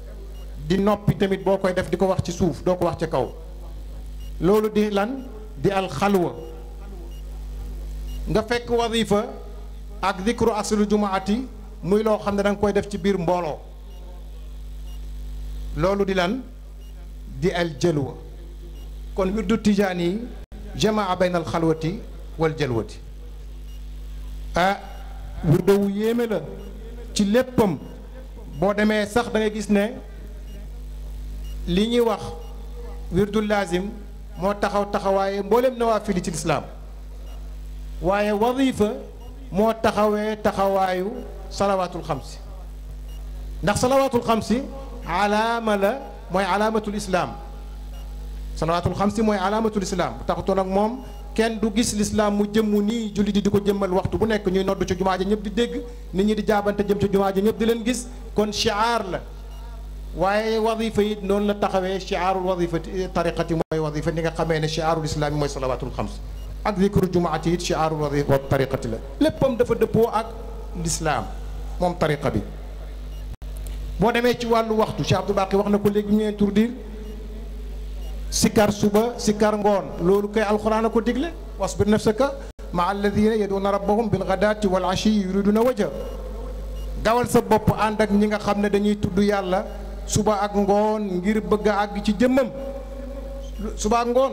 di noppi tamit boo koy def di ko wax ci suuf doo ko wax ci kaw loolu di lan di alxalwa nga fekk wadifa ak dikru aslu jumaati muy loo xam ne da koy def ci biir mbooloo loolu di lan di al jalwa kon wirdu tijaan yi jamaa bayn al xalwati wal jalwati ah wirdu wu yéeme la ci léppam boo demee sax dangay gis ne li ñuy wax wirdu laazim moo taxaw taxawaaye mboolem nawaafil yi ci lislaam waaye wadifa moo taxawee taxawaayu salawaatul xamsi ndax salawaatul xamsi alaama la mooy alaamatul islaam salawaatul xam si mooy alaamatul islaam taxutoon ak moom kenn du gis lislaam mu jëmmu nii julli di di ko jëmmal waxtu bu nekk ñuy nodd ci jumaa ja ñëpp di dégg nit ñi di jaabante jëm ci jumaa ja ñëpp di leen gis kon shiaar la waaye wadifa yi noonu la taxawee shiaarul wadifati tariqati mooy wadifa ni nga xamee ne shiaarul islaam yi mooy salawaatul xams ak zikru jumaati it shiaarul wadifa tariqati la léppam dafa dëppoo ak lislaam moom tariqa bi boo demee ci wàllu waxtu Cheikh baax Bakhi wax na ko léegi ñu ngeen tur sikar suba sikar ngoon loolu kay alxuraan a ko digle wasbir nafsaka maa alladina yaduuna rabbahum bil gadaati wal ashi yuriduna waja dawal sa bopp ànd ak ñi nga xam ne dañuy tudd yàlla suba ak ngoon ngir bëgg a àgg ci jëmmam suba ak ngoon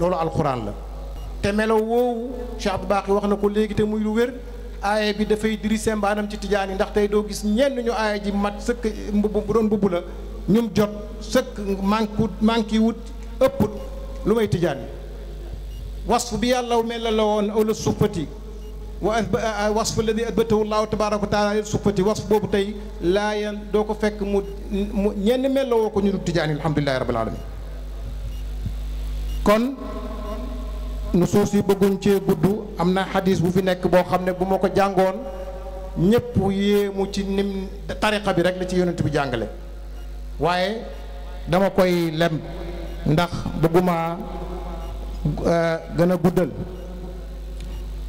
loolu alxuraan la te melo woowu Cheikh Abdou Bakhi wax na ko léegi te muy lu wér aaye bi dafay dirisee mbaanam ci tijaan yi ndax tey doo gis ñenn ñu aaye ji mat sëkk mbubb bu doon mbubb la ñum jot sëkk manquut manqué wut ëpput lu may tijaan yi wasf bi yàlla mel la woon aw la suufati wa wasf alladi adbatahu llahu tabaraka wa taala suufati wasf boobu tey laayan doo ko fekk mu mu ñenn mel la woo ko ñu dul tijaan yi alhamdulilahi rabbil alamin kon nu soo si bëgguñ cee gudd am na xadis bu fi nekk boo xam ne bu ma ko jàngoon ñépp yéemu ci nim tariqa bi rek la ci yonent bi jàngale waaye dama koy lem ndax bëgguma eh, gën a guddal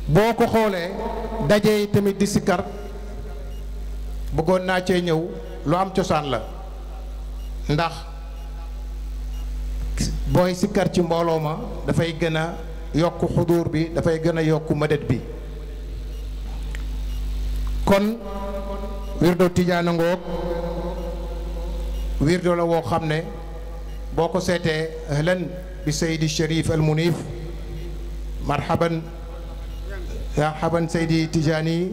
boo ko xoolee dajee tamit di sikkar bëggoon naa cee ñëw lu am cosaan la ndax booy sikkar ci mbooloo ma dafay gën a yokk xuduur bi dafay gën a yokk mëdët bi kon wirdo tijaana ngoog wirdo la woo xam ne boo ko seetee ahlan bi saydi sharif al munif marhaban marhaban saydi tijaani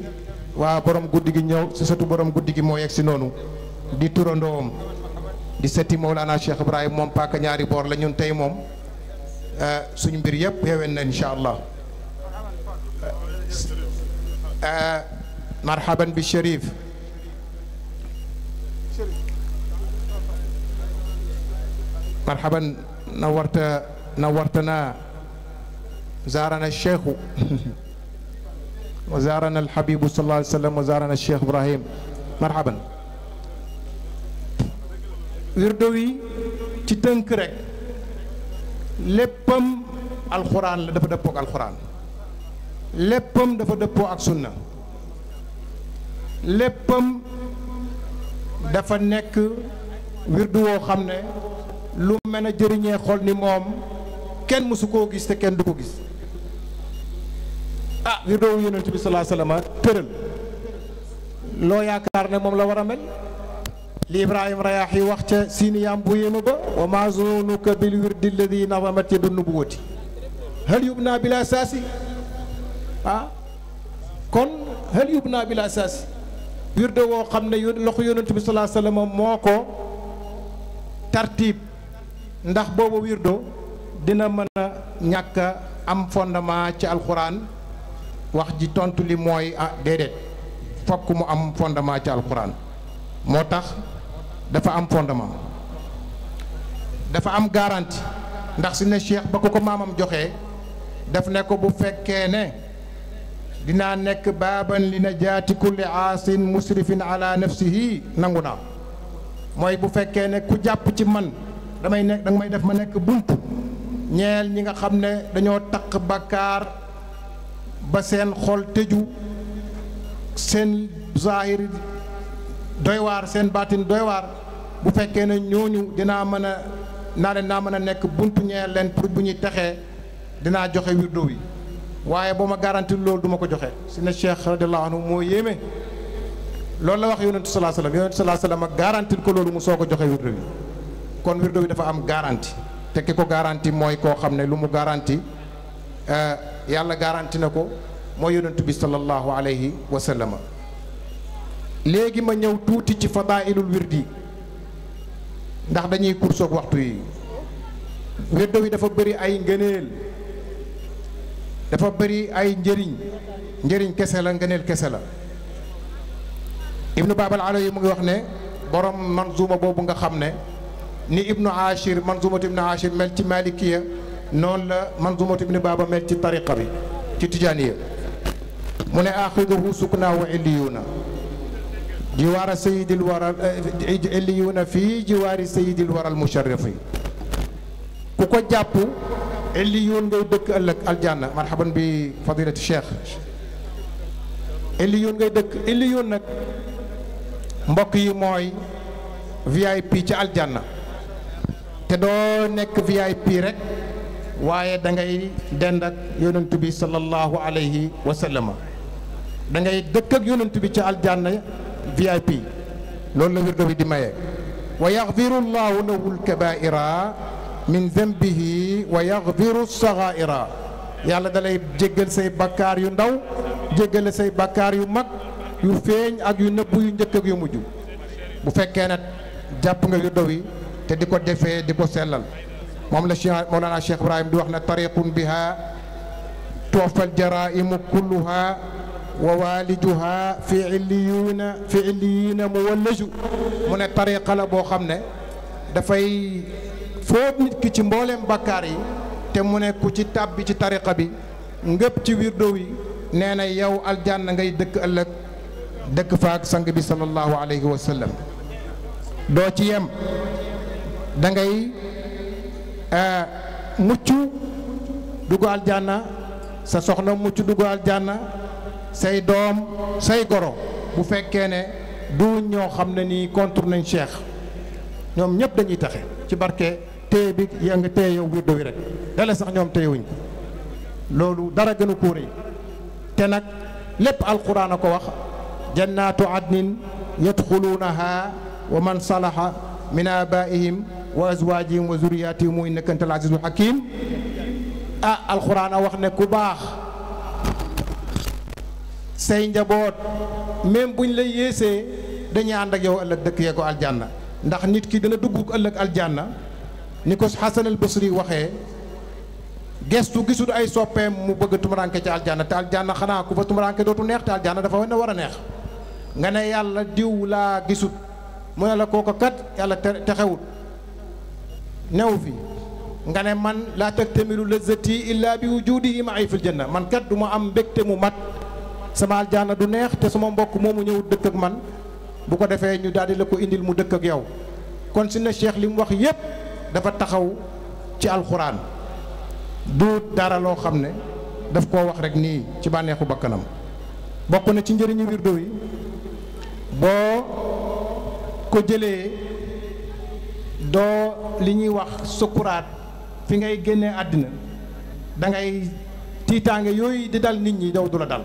waa borom guddi gi ñëw si sëtu borom guddi gi moo yegg si noonu di turandoom di sëti Mawlana Cheikh Ibrahim moom paaka ñaari boor la tey moom Eh, suñu mbir yëpp yewen na incha allah eh, marhaban bi Cherif marhaban nawarta nawartana zaarana cheikhu wa zaarana alhabibu sallallahu alayhi wa sallam wa zaarana cheikh Ibrahim marhaban wirdo wi ci tënk rek léppam alxuraan la dafa dëppoo alxuraan léppam dafa dëppoo ak sunna léppam dafa nekk wirdu woo xam ne lu mën a jëriñee xol ni moom kenn mësu koo gis te kenn du ko gis ah wirdu wu yonent bi salaa salama tëral loo yaakaar ne moom la war a mel li ibrahima rayaax yi wax ca siniyaam bu yéema ba wa ma zunuka bil wirdi alladi nazamat yadu nubuwati hal yubna bila asaasi ah kon hal naa bila asaasi wirde woo xam ne yón loxo bi salaa moo ko tartiib ndax booba wirdo dina mën a ñàkk am fondement ci alxuraan wax ji tontu li mooy ah déedéet fokk mu am fondement ci alxuraan moo tax dafa am fondement dafa am garantie ndax si ne Cheikh ba ko ko maamam joxee daf ne ko bu fekkee ne dinaa nekk baaban li najaati kulli aasin musrifin ala nafsihi nangu naa mooy bu fekkee ne ku jàpp ci man damay nekk danga may def ma nekk bunt ñeel ñi nga xam ne dañoo taq bakkaar ba seen xol tëju seen zahir doy waar seen baatin doy bu fekkee ne ñooñu dinaa mën a naa leen naa mën a nekk buntu ñeel leen pour bu ñuy texee dinaa joxe wirdo yi waaye boo ma garanti loolu du ma ko joxe si na cheikh radiallahu anhu moo yéeme loolu la wax yonentu salaa sallam yonentu salaa sallam garantil ko loolu mu soo ko joxe wirdo bi kon wirdo bi dafa am garanti te ki ko garanti mooy koo xam ne lu mu garanti eh, yàlla garanti na ko mooy yonentu bi sallallahu alayhi wa sallama léegi ma ñëw tuuti ci fadailul wirdi ndax dañuy kursoog waxtu yi weddo wi dafa bari ay ngëneel dafa bëri ay njëriñ njëriñ kese la ngëneel kese la ibnu baabal ala yi mu ngi wax ne borom manzuma boobu nga xam ne ni ibnu achir manzumatu ibnu achir mel ci malikiya noonu la manzumatu ibnu baaba mel ci tariqa bi ci tijaaniya mu ne axiduhu suknaa wa na jiwaara sayidil waral illiyuuna fii jiwaari sayidil waral musharrafi ku ko jàpp illiyuun ngay dëkk ëllëg aljanna marhaban bi fadilati cheikh illiyuun dëkk illiyuun nag mbokk yi mooy VIP ci aljanna te doo nekk VIP rek waaye dangay ngay dend ak yonent bi sallallahu alayhi wa sallam da ngay dëkk ak yonent bi ci aljanna VIP loolu la wirdo bi di maye wa yaxfiru llahu lahu lkabaira min zambihi wa yaxfiru saxaira yàlla dalay lay jéggal say bakkaar yu ndaw jéggale say bakkaar yu mag yu feeñ ak yu nëbb yu njëkk ak yu mujj bu fekkee nag jàpp nga wirdo wi te di ko defee di ko sellal moom la Cheikh Mawlana Cheikh Ibrahim di wax ne tariqun biha tuwafal jaraimu kulluha wa waaliduha fi illiyuuna fi illiyina mu wallaju mu ne tariqa la boo xam ne dafay fóot nit ki ci mbooleem bakkaar yi te mu ne ku ci tàbbi ci tariqa bi ngëpp ci wirdo yi nee na yow aljanna ngay dëkk ëllëg dëkk faak sang bi sallallahu alayhi wa sallam doo ci yem da ngay euh, mucc dugg aljanna sa soxna mucc dugg aljanna say doom say goro bu fekkee ne du ñoo xam ne nii contre nañ cheikh ñoom ñëpp dañuy taxe ci barke téye bi yaa ngi téye yow wirdo wi rek dale sax ñoom téyewuñ ko loolu dara gënu ko rëy te nag lépp alquran a ko wax jannaatu adnin yadxuluunaha wa man salaha min abaihim wa azwaajihim wa zuriyatihim innaka antal azizul hakim ah alquran a wax ne ku baax say njaboot même buñ lay yéesee dañuy ànd ak yow ëllëg dëkk yee ko aljanna ndax nit kii dana dugg ëllëg aljanna ni ko Xasan al Basri waxee gestu gisul ay soppeem mu bëgg tumuranke ci aljanna te aljanna xanaa ku fa tumuranke dootu neex te aljanna dafa wane war a neex nga ne yàlla diw laa gisut mu ne la kooko kat yàlla texewut new fi nga ne man laa tagtamilu lazati illa bi wujudihi ma ay fil janna man kat du ma am mbégte mu mat sama aljaana du neex te sama mbokk moomu ñëw dëkk ak man bu ko defee ñu daal di la ko indil mu dëkk ak yow kon si na cheikh li mu wax yépp dafa taxaw ci alxuraan du dara loo xam ne daf ko wax rek nii ci bànneexu bakkanam bokk na ci njëriñu wirdo yi boo ko jëlee doo li ñuy wax sukuraat fi ngay génnee àddina da ngay tiitaange yooyu di dal nit ñi daw du la dal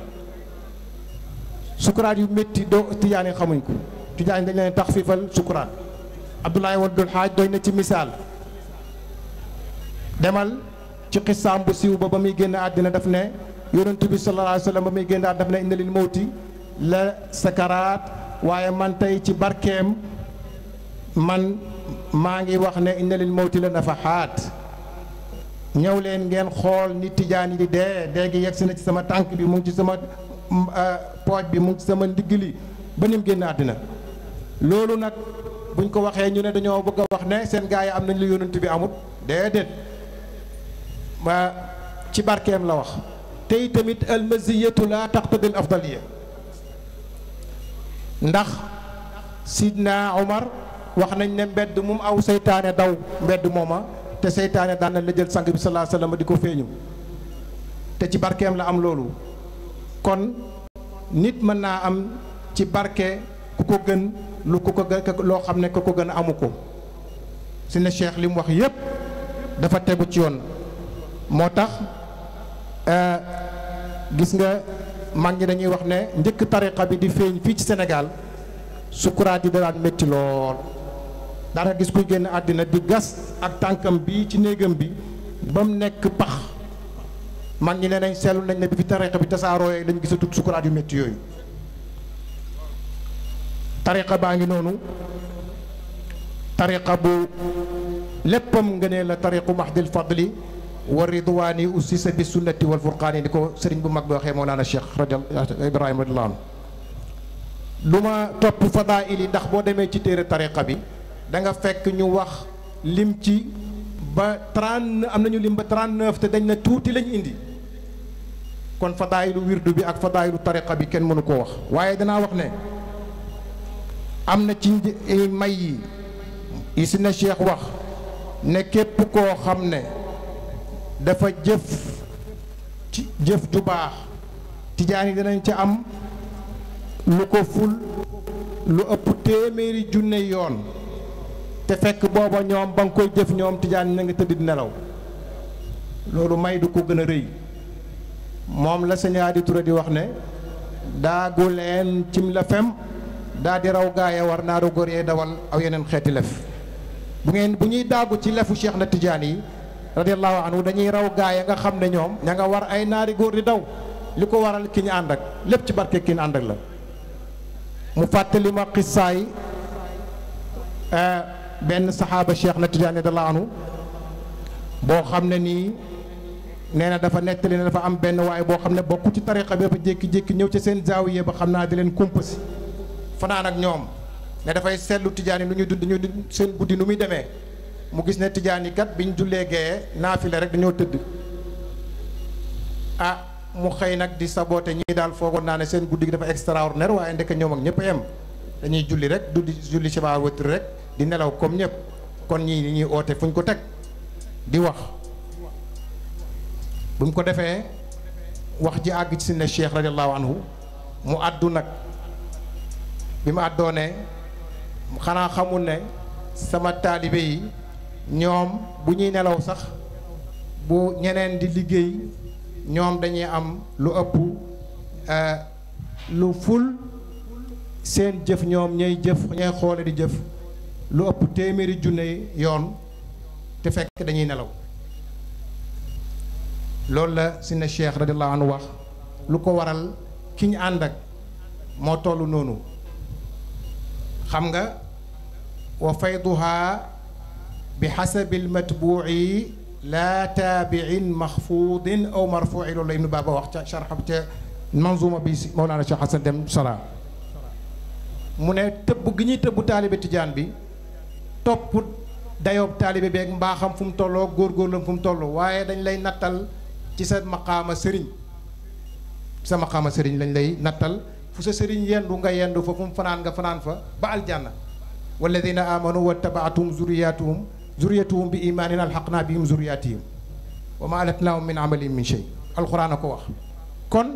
sukuraat yu métti do tijaan yi xamuñ ko tijaan yi dañ leen taxfifal sukuraat Abdoulaye Waddul Xaaj doy na ci misaal demal ci xisaam bu siiw ba ba muy génn àddina daf ne yonent bi sallallahu alayhi ba muy génn àddina daf ne inna lil mawti la sakaraat waaye man tey ci barkeem man maa ngi wax ne inna lil mawti la nafaxaat ñëw leen ngeen xool ni tijaan yi di dee dee gi yegg na ci sama tànk bi mu ngi ci sama Euh, pooj bi mu sama ndigg li ba ni génn àddina loolu nag buñ ko waxee ñu ne dañoo bëgg wax ne seen gaa yi am nañ lu yonent bi amut déedéet ma ci barkeem la wax tey tamit almasiyatu laa taqtadi al afdaliya ndax sidna omar wax nañ ne mbedd mum aw seytaane daw mbedd mooma te seytaane daan na la jël sang bi salaa sallam di ko feeñu te ci barkeem la am loolu kon nit mën naa am ci barke ku ko gën lu ku ko loo xam ne ku ko gën amu ko si ne cheikh li wax yépp dafa tegu ci yoon moo tax euh, gis nga mag ñi dañuy wax ne njëkk tariqa bi di feeñ fii ci senegal sukuraat yi daan métti lool daanaka gis kuy génn àddina di gas ak tànkam bi ci néegam bi ba mu nekk pax mag ñi nee nañ seetlu nañ ne bi fi tariqa bi tasaaroo yooyu dañ gisatut sukuraat yu métti yooyu tariqa baa ngi noonu tariqa bu léppam nga ne la tariqu mahdil fadli wa ridwaani ussisa bi sunnati wal furqaani ni ko sëriñ bu mag bi waxee Mawlana Cheikh rajo eh, Ibrahima radiyallahu anhu du ma topp fadaa'il yi ndax boo demee ci téere tariqa bi da nga fekk ñu wax lim ci ba trente am nañu lim ba trente te dañ na tuuti lañu indi. kon fadaayilu wirdu bi ak fadaayilu tariqa bi kenn mënu koo wax waaye danaa wax ne am na ci eh, may yi yi si na cheikh wax ne képp koo xam ne dafa jëf ci jëf ju baax tijaan yi danañ ci am lu ko ful lu ëpp téeméeri junne yoon te fekk booba ñoom ba nga koy jëf ñoom tijaan na nga tëdd nelaw loolu may du ko gën a rëy moom la sëñ Hady Touré wax ne daagu leen cim la fem daa di raw gaaya war naaru góor yee dawal aw yeneen xeeti lef bu ngeen bu ñuy daagu ci lefu Cheikh na Tidiane yi radiallahu anhu dañuy raw gaaya nga xam ne ñoom ña nga war ay naari góor di daw li ko waral kiñ ñu ànd ak lépp ci barke ki ànd ak la mu fàttali ma xissaay eh, benn saxaaba Cheikh na Tidiane radiallahu anhu boo xam ne nii nee na dafa nettali ne dafa am benn waaye boo xam ne bokku ci tariqa bi dafa jékki-jékki ñëw ci seen zaawiye ba xam naa di leen kumpasi fanaan ak ñoom ne dafay seetlu tijaan yi lu ñuy dund ñu seen guddi nu muy demee mu gis ne tijaan yi kat biñ jullee gee naafile rek dañoo tëdd ah mu xëy nag di saboté ñii daal foogoon naa ne seen guddi gi dafa extraordinaire waaye ndekk ñoom ak ñëpp a yem dañuy julli rek du julli si baa wëtri rek di nelaw comme ñëpp kon ñii ñuy oote fu ko teg di wax bi mu ko defee wax ji àgg ci sinne cheikh radiallahu anhu mu àddu nag bi mu àddoonee xanaa xamu ne sama taalibe yi ñoom bu ñuy nelaw sax bu ñeneen di liggéey ñoom dañuy am lu ëpp euh, lu ful seen jëf ñoom ñay jëf ñay xoole di jëf lu ëpp téeméeri junne yoon te fekk dañuy nelaw loolu la si na cheikh radiallahu anhu wax lu ko waral ki ñu ànd ak moo tollu noonu xam nga wa fayduha bi xasabil matbuuci laa taabiin maxfuudin aw marfuuci lool la ibnu baaba wax ca charxab ca manzuma bi mawlaana cheikh xasan dem sara mu ne tëbb gi ñuy tëbb taalibe tijaan bi topp dayoob taalibe beeg mbaaxam fu mu tolloo góorgóorlam fu mu toll waaye dañ lay nattal ci sa maqaama sëriñ sa maqaama sëriñ lañ lay nattal fu sa sëriñ yendu nga yendu fa fu fanaan nga fanaan fa ba aljanna walladina amanu wa tabaatuhum zuriyatuhum zuriyatuhum bi imaanin alxaqnaa alxuraan a ko wax kon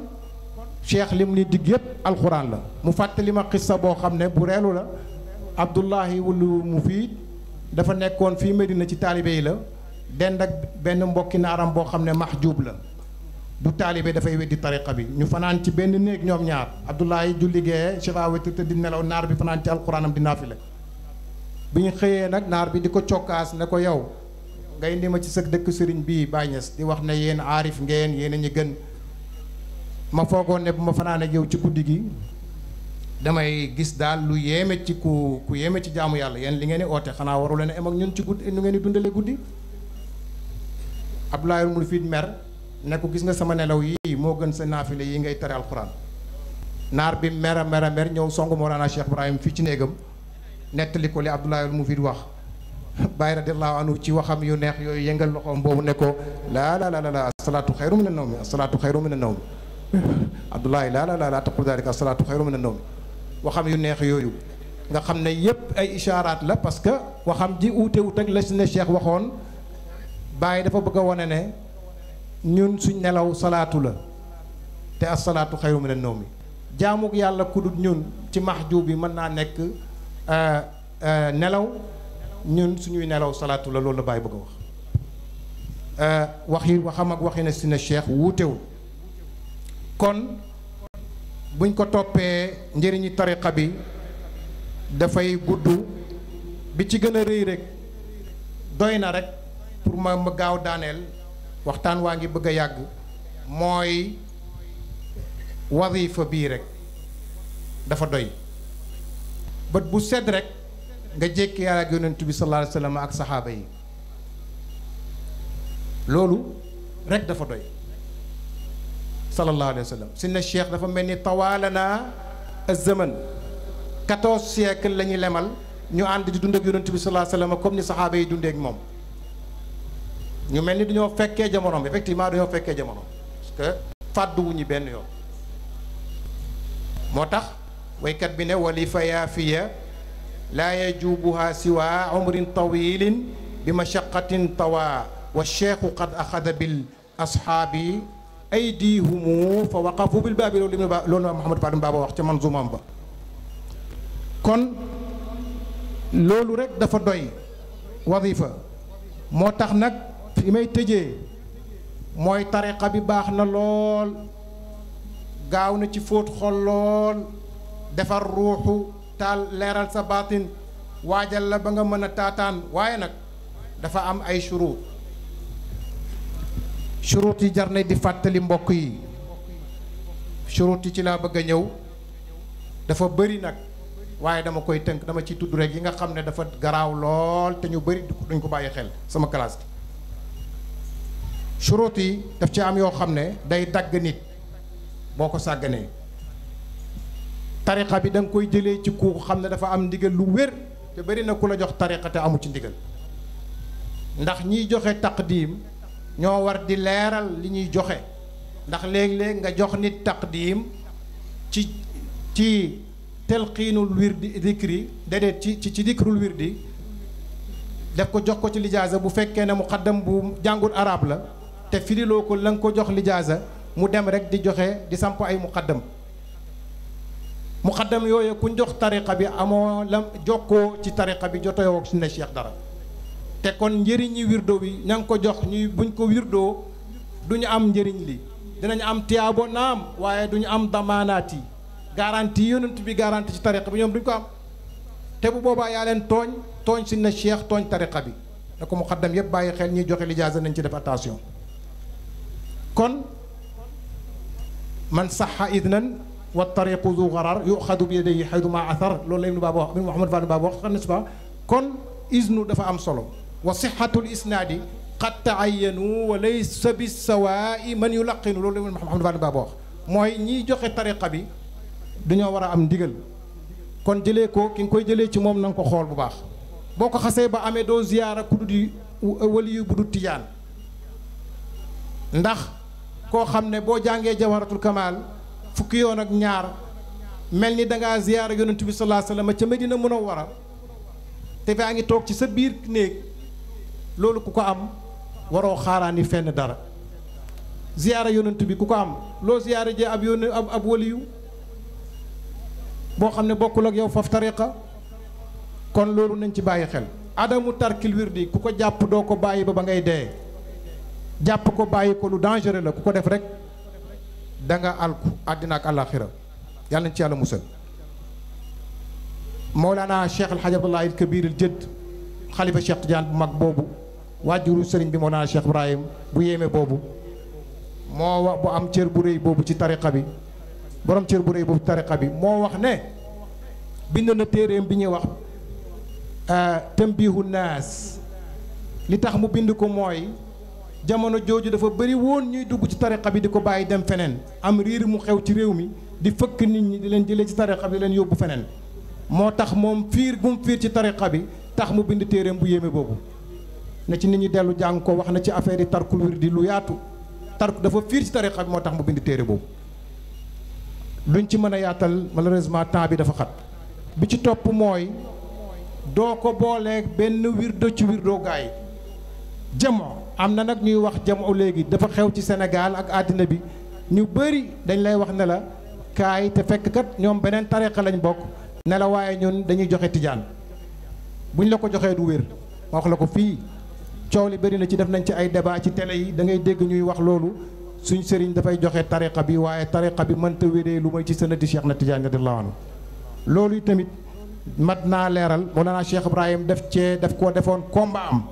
cheikh lim ni digg yëpp alxuraan la mu fàttali ma xissa boo xam ne bu reelu la abdullahi wulu mu dafa nekkoon fii Medina ci taalibe yi la dend ak benn mbokki naaram boo xam ne maxjuub la du taalibe dafay weddi tariqa bi ñu fanaan ci benn néeg ñoom ñaar Abdoulaye ju liggéeyee Cheikha wétu te di nelaw naar bi fanaan ci alquranam di naafile bi ñu xëyee nag naar bi di ko cokkaas ne ko yow nga indi ma ci sa dëkk sëriñ bii bàññees di wax na yéen aarif ngeen yéen a ñu gën ma foogoon ne bu ma fanaan ak yow ci guddi gi damay gis daal lu yéeme ci ku ku yéeme ci jaamu yàlla yéen li ngeen di oote xanaa ñun ci guddi nu ngeen di dundalee guddi Abdoulaye Mourid fiit mer ne ko gis nga sama nelaw yii moo gën sa naafile yi ngay tere naar bi mer a mer a ñëw songu Mawlana fii ci néegam nettali ko li Abdoulaye Mourid wax bàyyi radiallahu anhu ci waxam yu neex yooyu yëngal loxoom boobu ne ko laa laa laa laa asalaatu xayru mina laa laa laa taqul daalika asalaatu xayru yu neex yooyu nga xam ne yépp ay ishaaraat la parce que waxam ji uute wut ak la si ne Cheikh waxoon bàyyi dafa bëgg a wane ne ñun suñ nelaw salaatu la te asalaatu xayru mina mi jaamuk yàlla ku dul ñun ci maxjuub bi mën naa nekk euh, euh, nelaw ñun suñuy nelaw salaatu la loolu la bàyyi bëgg a wax euh, wax yi waxam ak waxi na si na cheikh wuutewul kon buñ ko toppee njëriñi tariqa bi dafay gudd bi ci gën a rëy rek doy na rek pour ma ma gaaw daaneel waxtaan waa ngi bëgg a yàgg mooy wasifa bii rek dafa doy bët bu sedd rek nga jékki yàlla ak yonent bi sallallahu alayhi ak saxaaba yi loolu rek dafa doy sallallahu alayhi wa sallam sinna cheikh dafa mel ni tawaalana zaman quatorze siècle la ñu lemal ñu ànd di dund ak yonent bi sallallahu alayhi wa sallam comme ni saxaaba yi dundeek moom ñu mel ni duñoo fekkee jamono effectivement dañoo fekkee jamonoom parce que fàdduwuñu benn yoon moo tax waykat bi ne wali fayaafiya laa yajubuha siwa umrin tawilin bi mashaqatin tawa wa cheikhu qad axada bil ashaabi aydihumu fa waqafu bil baabi loolu ibnu ba loolu Mouhamadou wax ca manzumaam ba kon loolu rek dafa doy wadifa moo tax nag fi may tëjee mooy tariqa bi baax na lool gaaw na ci fóot xol lool defar ruuxu taal leeral sa baatin waajal la ba nga mën a taataan waaye nag dafa am ay shuruut shuruut yi jar na di fàttali mbokk yi shuruut yi ci laa bëgg a ñëw dafa bëri nag waaye dama koy tënk dama ciy tudd rek yi nga xam ne dafa garaaw lool te ñu bëri duñ ko bàyyi xel sama classe churut yi daf ci am yoo xam ne day dagg nit boo ko sàgganee tariqa bi danga koy jëlee ci ku xam ne dafa am ndigal lu wér te bari na ku la jox tariqa te amu ci ndigal ndax ñiy joxe taqdiim ñoo war di leeral li ñuy joxe ndax léeg-léeg nga jox nit taqdiim ci ci telqiinul wirdi dikri déedéet ci ci ci dikrul wirdi def ko jox ko ci lijaasa bu fekkee ne muqaddam bu jàngul arab la te firiloo ko la nga ko jox lijaasa mu dem rek di joxe di samp ay muqaddam muqaddam yooyu kuñ jox tariqa bi amoo la jokkoo ci tariqa bi jotoo ak sunna cheikh dara te kon njëriñ yi wirdo bi ña ngi ko jox ñuy buñ ko wirdoo duñu am njëriñ li dinañ am tiyaabo naam waaye duñu am damaanaat yi garantie yonent bi garantie ci tariqa bi ñoom duñ ko am te bu boobaa yaa leen tooñ tooñ si sunna cheikh tooñ tariqa bi da ko muqaddam yëpp bàyyi xel ñuy joxe lijaasa nañ ci def kon man saxa idnan wa tariqu du garar yuxadu bi yadayhi xayduma athar loolu la ibnu baaba wax ibnu muhammad fadl baaba wax n'est-ce pas kon isnu dafa am solo wa sixatul isnaadi ay taayanu wa laysa bi sawaa'i man yulaqinu loolu la ibnu muhammad fadl baaba wax mooy ñiy joxe tariqa bi dañoo war a am ndigal kon jële ko ki nga koy jëlee ci moom na ko xool bu baax boo ko xasee ba amee doo ziyaara ku du di waliyu bu du tijaan ndax koo xam ne boo jàngee jawharatul kamal fukki yoon ak ñaar mel ni da ngaa ziyaara yonent bi salaa sallam ca Medina wara te faa ngi toog ci sa biir néeg loolu ku ko am waroo xaaraani fenn dara ziyaara yonent bi ku ko am loo ziyaara jee ab yónn ab ab boo xam ne bokkul ak yow faf tariqa kon loolu nañ ci bàyyi xel adamu tarkil wirdi ku ko jàpp doo ko bàyyi ba ba ngay dee jàpp ko bàyyi ko lu dangereux la ku ko def rek danga nga alku àddina ak àllaaxira yàlla nañ ci yàlla musal Mawlana Cheikh naa Hadj Abdoulaye El Kabir El xalifa Cheikh Tidiane bu mag boobu waajuru sëriñ bi Mawlana Cheikh Ibrahim bu yéeme boobu moo wax bu am cër bu rëy boobu ci tariqa bi borom bu rëy boobu ci tariqa bi moo wax ne bind na téeréem bi ñuy wax euh, tambihu naas li tax mu bind ko mooy. jamono jooju dafa bëri woon ñuy dugg ci tariqa bi di ko bàyyi dem feneen am riir mu xew ci réew mi di fëkk nit ñi di leen jëlee ci tariqa bi leen yóbbu feneen moo tax moom fiir gum fiir ci tariqa bi tax mu bind téeréem bu yéeme boobu na ci nit ñi dellu jàng ko wax na ci affaire yi tarkul di lu yaatu tarku dafa fiir ci tariqa bi moo tax mu bind téere boobu luñ ci mën a yaatal malheureusement temps bi dafa xat bi ci topp mooy doo ko booleeg benn wirdo ci wirdoo gaay jamo am na nag ñuy wax jamoo léegi dafa xew ci senegaal ak àddina bi ñu bëri dañ lay wax ne la kaay te fekk kat ñoom beneen tariqa lañ bokk ne la waaye ñun dañuy joxe tijaan buñ la ko joxee du wér ma wax la ko fii coow li bëri na ci def nañ ci ay débat ci tele yi da ngay dégg ñuy wax loolu suñ sëriñ dafay joxe tariqa bi waaye tariqa bi mënta wéree lu may ci sënati Cheikh na Tijaan radiyallaahu anhu loolu tamit mat naa leeral Mawlana Cheikh Ibrahim def cee daf koo defoon combat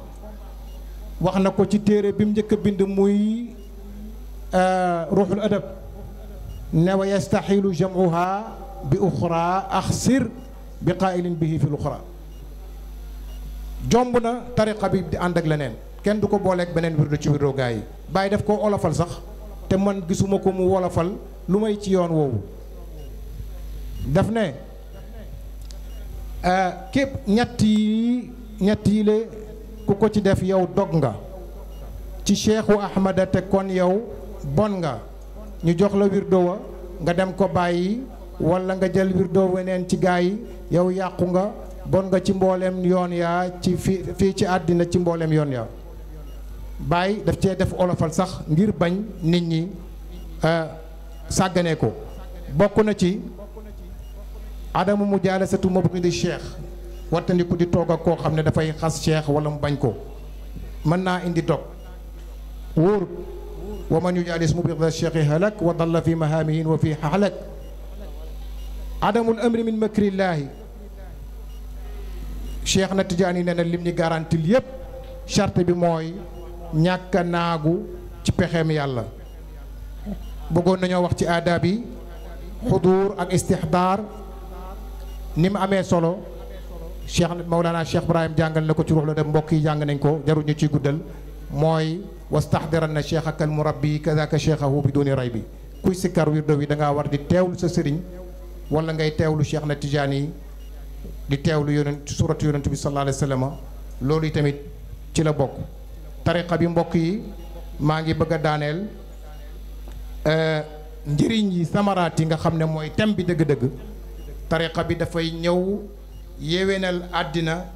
wax na ko ci téere bi mu njëkk a bind muy euh, ruuxul adab ne wa yastaxilu jamuha bi uxra axsir bi qaa'ilin bihi fi luxra jomb na tariqa bi di ànd leneen kenn du ko booleek beneen wirdu ci wirdoo gaa yi bàyyi def koo olofal sax te man gisuma ko mu wolofal lu may ci yoon woowu daf ne euh, képp ñett yi ñett le ku ko ci def yow dog nga ci cheikhu ahmada te kon yow bon nga ñu jox la wirdo wa nga dem ko bàyyi walla nga jël wirdo weneen ci gaa yi yow yàqu nga bon nga ci mboolem yoon yaa ci fi fii ci àddina ci mboolem yoon ya bàyyi daf cee def olofal sax ngir bañ nit ñi euh, sàggane ko bokk na ci adamu mujalasatu mubghidi cheikh wattandiku di toog ak koo xam ne dafay xas cheikh wala mu bañ ko mën naa indi dog wóorut wa man yujalis mubida cheikhi halak wa dalla fi mahamihin wa fi halak adamul amri min makrillaahi cheikh na tijaan yi nee na lim ñi garantil yépp charte bi mooy ñàkk naagu ci pexeem yàlla bëggoon nañoo wax ci aadaab yi xuduur ak istixdaar ni mu amee solo cheikh Maulana Cheikh Ibrahim jàngal na ko ci ruux la dem mbokk yi jàng nañ ko jarul ñu ciy guddal mooy wastaxdiran na cheikh akal murabbi kazaka cheikhahu bi dooni ray bi kuy sikkar wirdo wi da ngaa war di teewlu sa sëriñ wala ngay teew teewlu cheikh na tijaan yi di teewlu yonent suratu yonent bi sallallahu alayhi wa loolu yi tamit ci la bokk tariqa bi mbokk yi maa ngi bëgg a daaneel euh, njëriñ yi samaraat yi nga xam ne mooy thème bi dëgg-dëgg tariqa bi dafay ñëw yéwénal àddina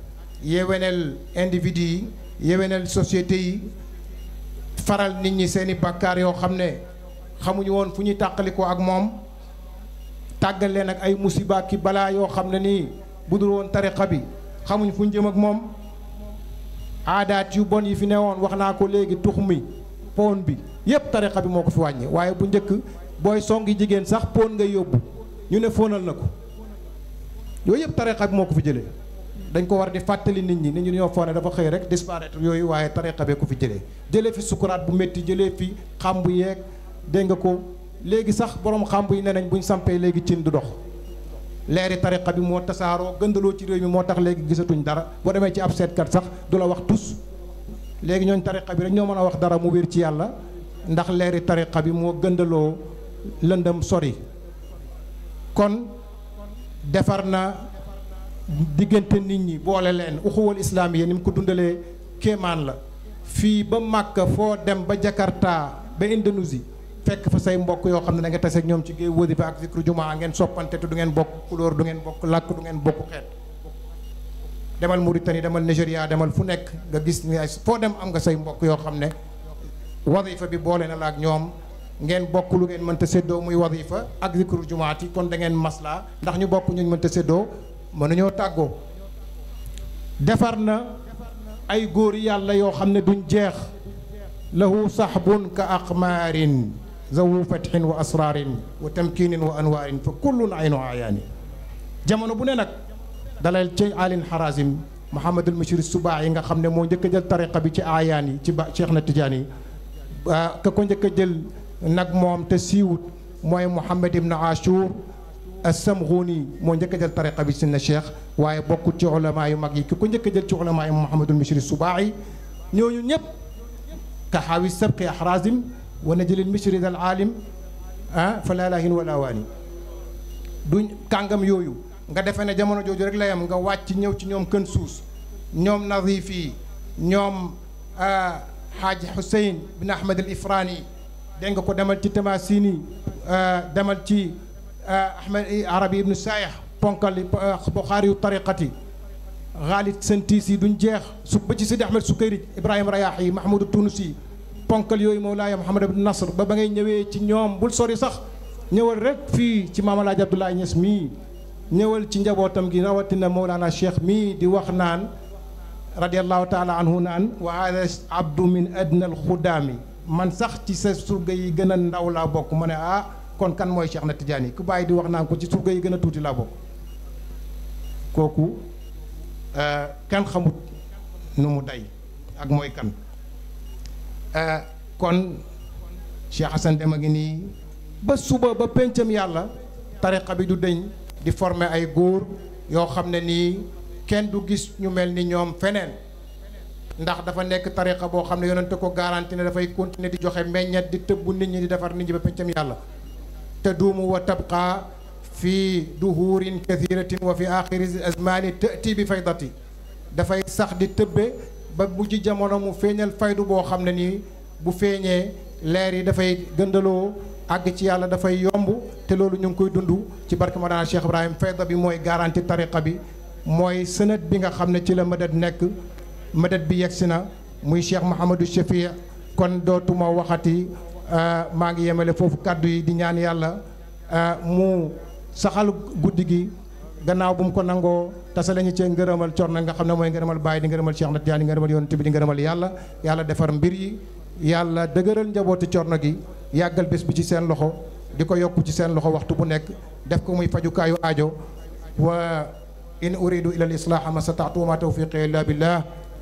yéwénal individu yi yéwénal société yi faral nit ñi seeni bàkkaar yoo xam ne xamuñu woon fu ñuy tàqalikoo ak moom tàggal leen ak ay musiba ki balaa yoo xam ne nii bu dul woon tariqa bi xamuñ fu ñu jëm ak moom aadaat yu bon yi fi newoon wax naa ko léegi tux mi poon bi yépp tariqa bi moo ko fi wàññi waaye bu njëkk booy songi jigéen sax pon nga yóbbu ñu ne fóonal na ko yooyu yëpp tariqa bi moo ko fi jëlee dañ ko war di fàttali nit ñi nit ñi ñoo foog ne dafa xëy rek disparaître yooyu waaye tariqa bee ko fi jëlee jëlee fi sukuraat bu métti jëlee fi xàmbu yeeg dégg nga ko léegi sax borom xàmb yi ne nañ buñ sampee léegi cin du dox leeri tariqa bi moo tasaaroo gëndaloo ci réew mi moo tax léegi gisatuñ dara boo demee ci ab kat sax du la wax tus léegi ñooñ tariqa bi rek ñoo mën a wax dara mu wér ci yàlla ndax leeri tariqa bi moo gëndaloo lëndëm sori defar na diggante nit ñi boole leen uxuwal islaam yi ni mu ko dundalee kéemaan la fii ba Màkka foo dem ba Jakarta ba Indonésie fekk fa say mbokk yoo xam ne da nga tase ak ñoom ci géej wóodi fa ak zikru jumaa ngeen soppante te du ngeen bokk couleur du ngeen bokk làkk du ngeen bokk xeet demal Mauritanie demal Nigéria demal fu nekk nga gis ne foo dem am nga say mbokk yoo xam ne fa bi boole na la ak ñoom ngeen bokk lu ngeen mënta séddoo muy wadifa ak zikru jumaat kon da ngeen maslaa ndax ñu bokk ñu mënta séddoo mënuñoo tàggoo defar na ay góor yàlla yoo xam ne duñ jeex lahu sahbun ka aqmaarin zawu fatxin wa asraarin wa tamkiinin wa anwaarin fa kullun aynu ayaani jamono bu ne nag dalal ci alin xarasim Mouhamadul Machir subaa yi nga xam ne moo njëkk jël tariqa bi ci ayaan yi ci ba Cheikh na tijaan yi ka ko njëkk jël nag moom te siiwut mooy Mouhamed Ibn Achour as-Samghuni moo njëkk a jël tariqa bi si na cheikh waaye bokkut ci ulamaa yu mag yi ki ko njëkk a jël ci ulamaa yi Mouhamadul Mishri Subaa'i ñooñu ñëpp ka xaawi sabqi ahrazim wa najlil Mishri dal aalim ah fa laa laahin wala waani duñ kàngam yooyu nga defee ne jamono jooju rek la yam nga wàcc ñëw ci ñoom kën suus ñoom nadif yi ñoom ah, xaaj Xuseyn bin Ahmed al dégg nga ko demal ci Tamasini euh, demal ci euh, Ahmed Arabi ibnu Sayah ponkali euh, Buxaari yu tariqati xaalit seen tiis yi duñ jeex su ba ci Sidi Ahmed Sukayrij Ibrahima Rayaax yi Mahmoudou Tunusi ponkal yooyu Mawlaaya Mouhamad ibn Nasr ba ba ngay ñëwee ci ñoom bul sori sax ñëwal rek fii ci Maam Alaaji Abdoulaye mii ñëwal ci njabootam gi rawatina Mawlana Cheikh mii di wax naan radiallahu taala anhu naan wa hada abdu min adna mi man sax ci sa surga yi gën a ndaw laa bokk ma ne ah kon kan mooy seex na yi ku bàyyi di wax naan ko ci surga yi gën a tuuti laa bokk kooku euh, kenn xamut nu mu day ak mooy kan euh, kon Cheikh Hassan Deme ngi nii ba suba ba péncam yàlla tariqa bi du dëñ di former ay góor yoo xam ne nii kenn du gis ñu mel ni ñoom feneen ndax dafa nekk tariqa boo xam ne yonente ko garanti ne dafay continuer di joxe meññet di tëb bu nit ñi di defar nit ñi ba peccam yàlla te duumu wa tabqa fi duhurin kathiratin wa fi axiri azmani tati bi faydati dafay sax di tëbbe ba bu ci jamono mu feeñal faydu boo xam ne nii bu feeñee leer yi dafay gëndaloo àgg ci yàlla dafay yomb te loolu ñu ngi koy dund ci barke Mawlana Cheikh Ibrahim fayda bi mooy garanti tariqa bi mooy sënët bi nga xam ne ci la mëdat nekk mëdët bi yegsi na muy Cheikh Mouhamadou Chafia kon dootuma waxati euh, maa ngi yemale foofu kàddu yi di ñaan yàlla euh, mu saxal guddi gi gannaaw bu mu ko nangoo tasa lañu cee ngërëmal corna nga xam ne mooy ngërëmal Baay di ngërëmal Cheikh Natiaan di ngërëmal Yonent bi di ngërëmal yàlla yàlla defar mbir yi yàlla dëgëral njabootu corna gi yàggal bés bi ci seen loxo di ko yokku ci seen loxo waxtu bu nekk def ko muy fajukaayu ajo wa in uridu ila al islaaha ma sataatu wa ma tawfiqi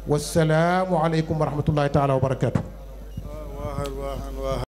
wasalaamu aleykum wa rahmatullahi taala wa barakaatu.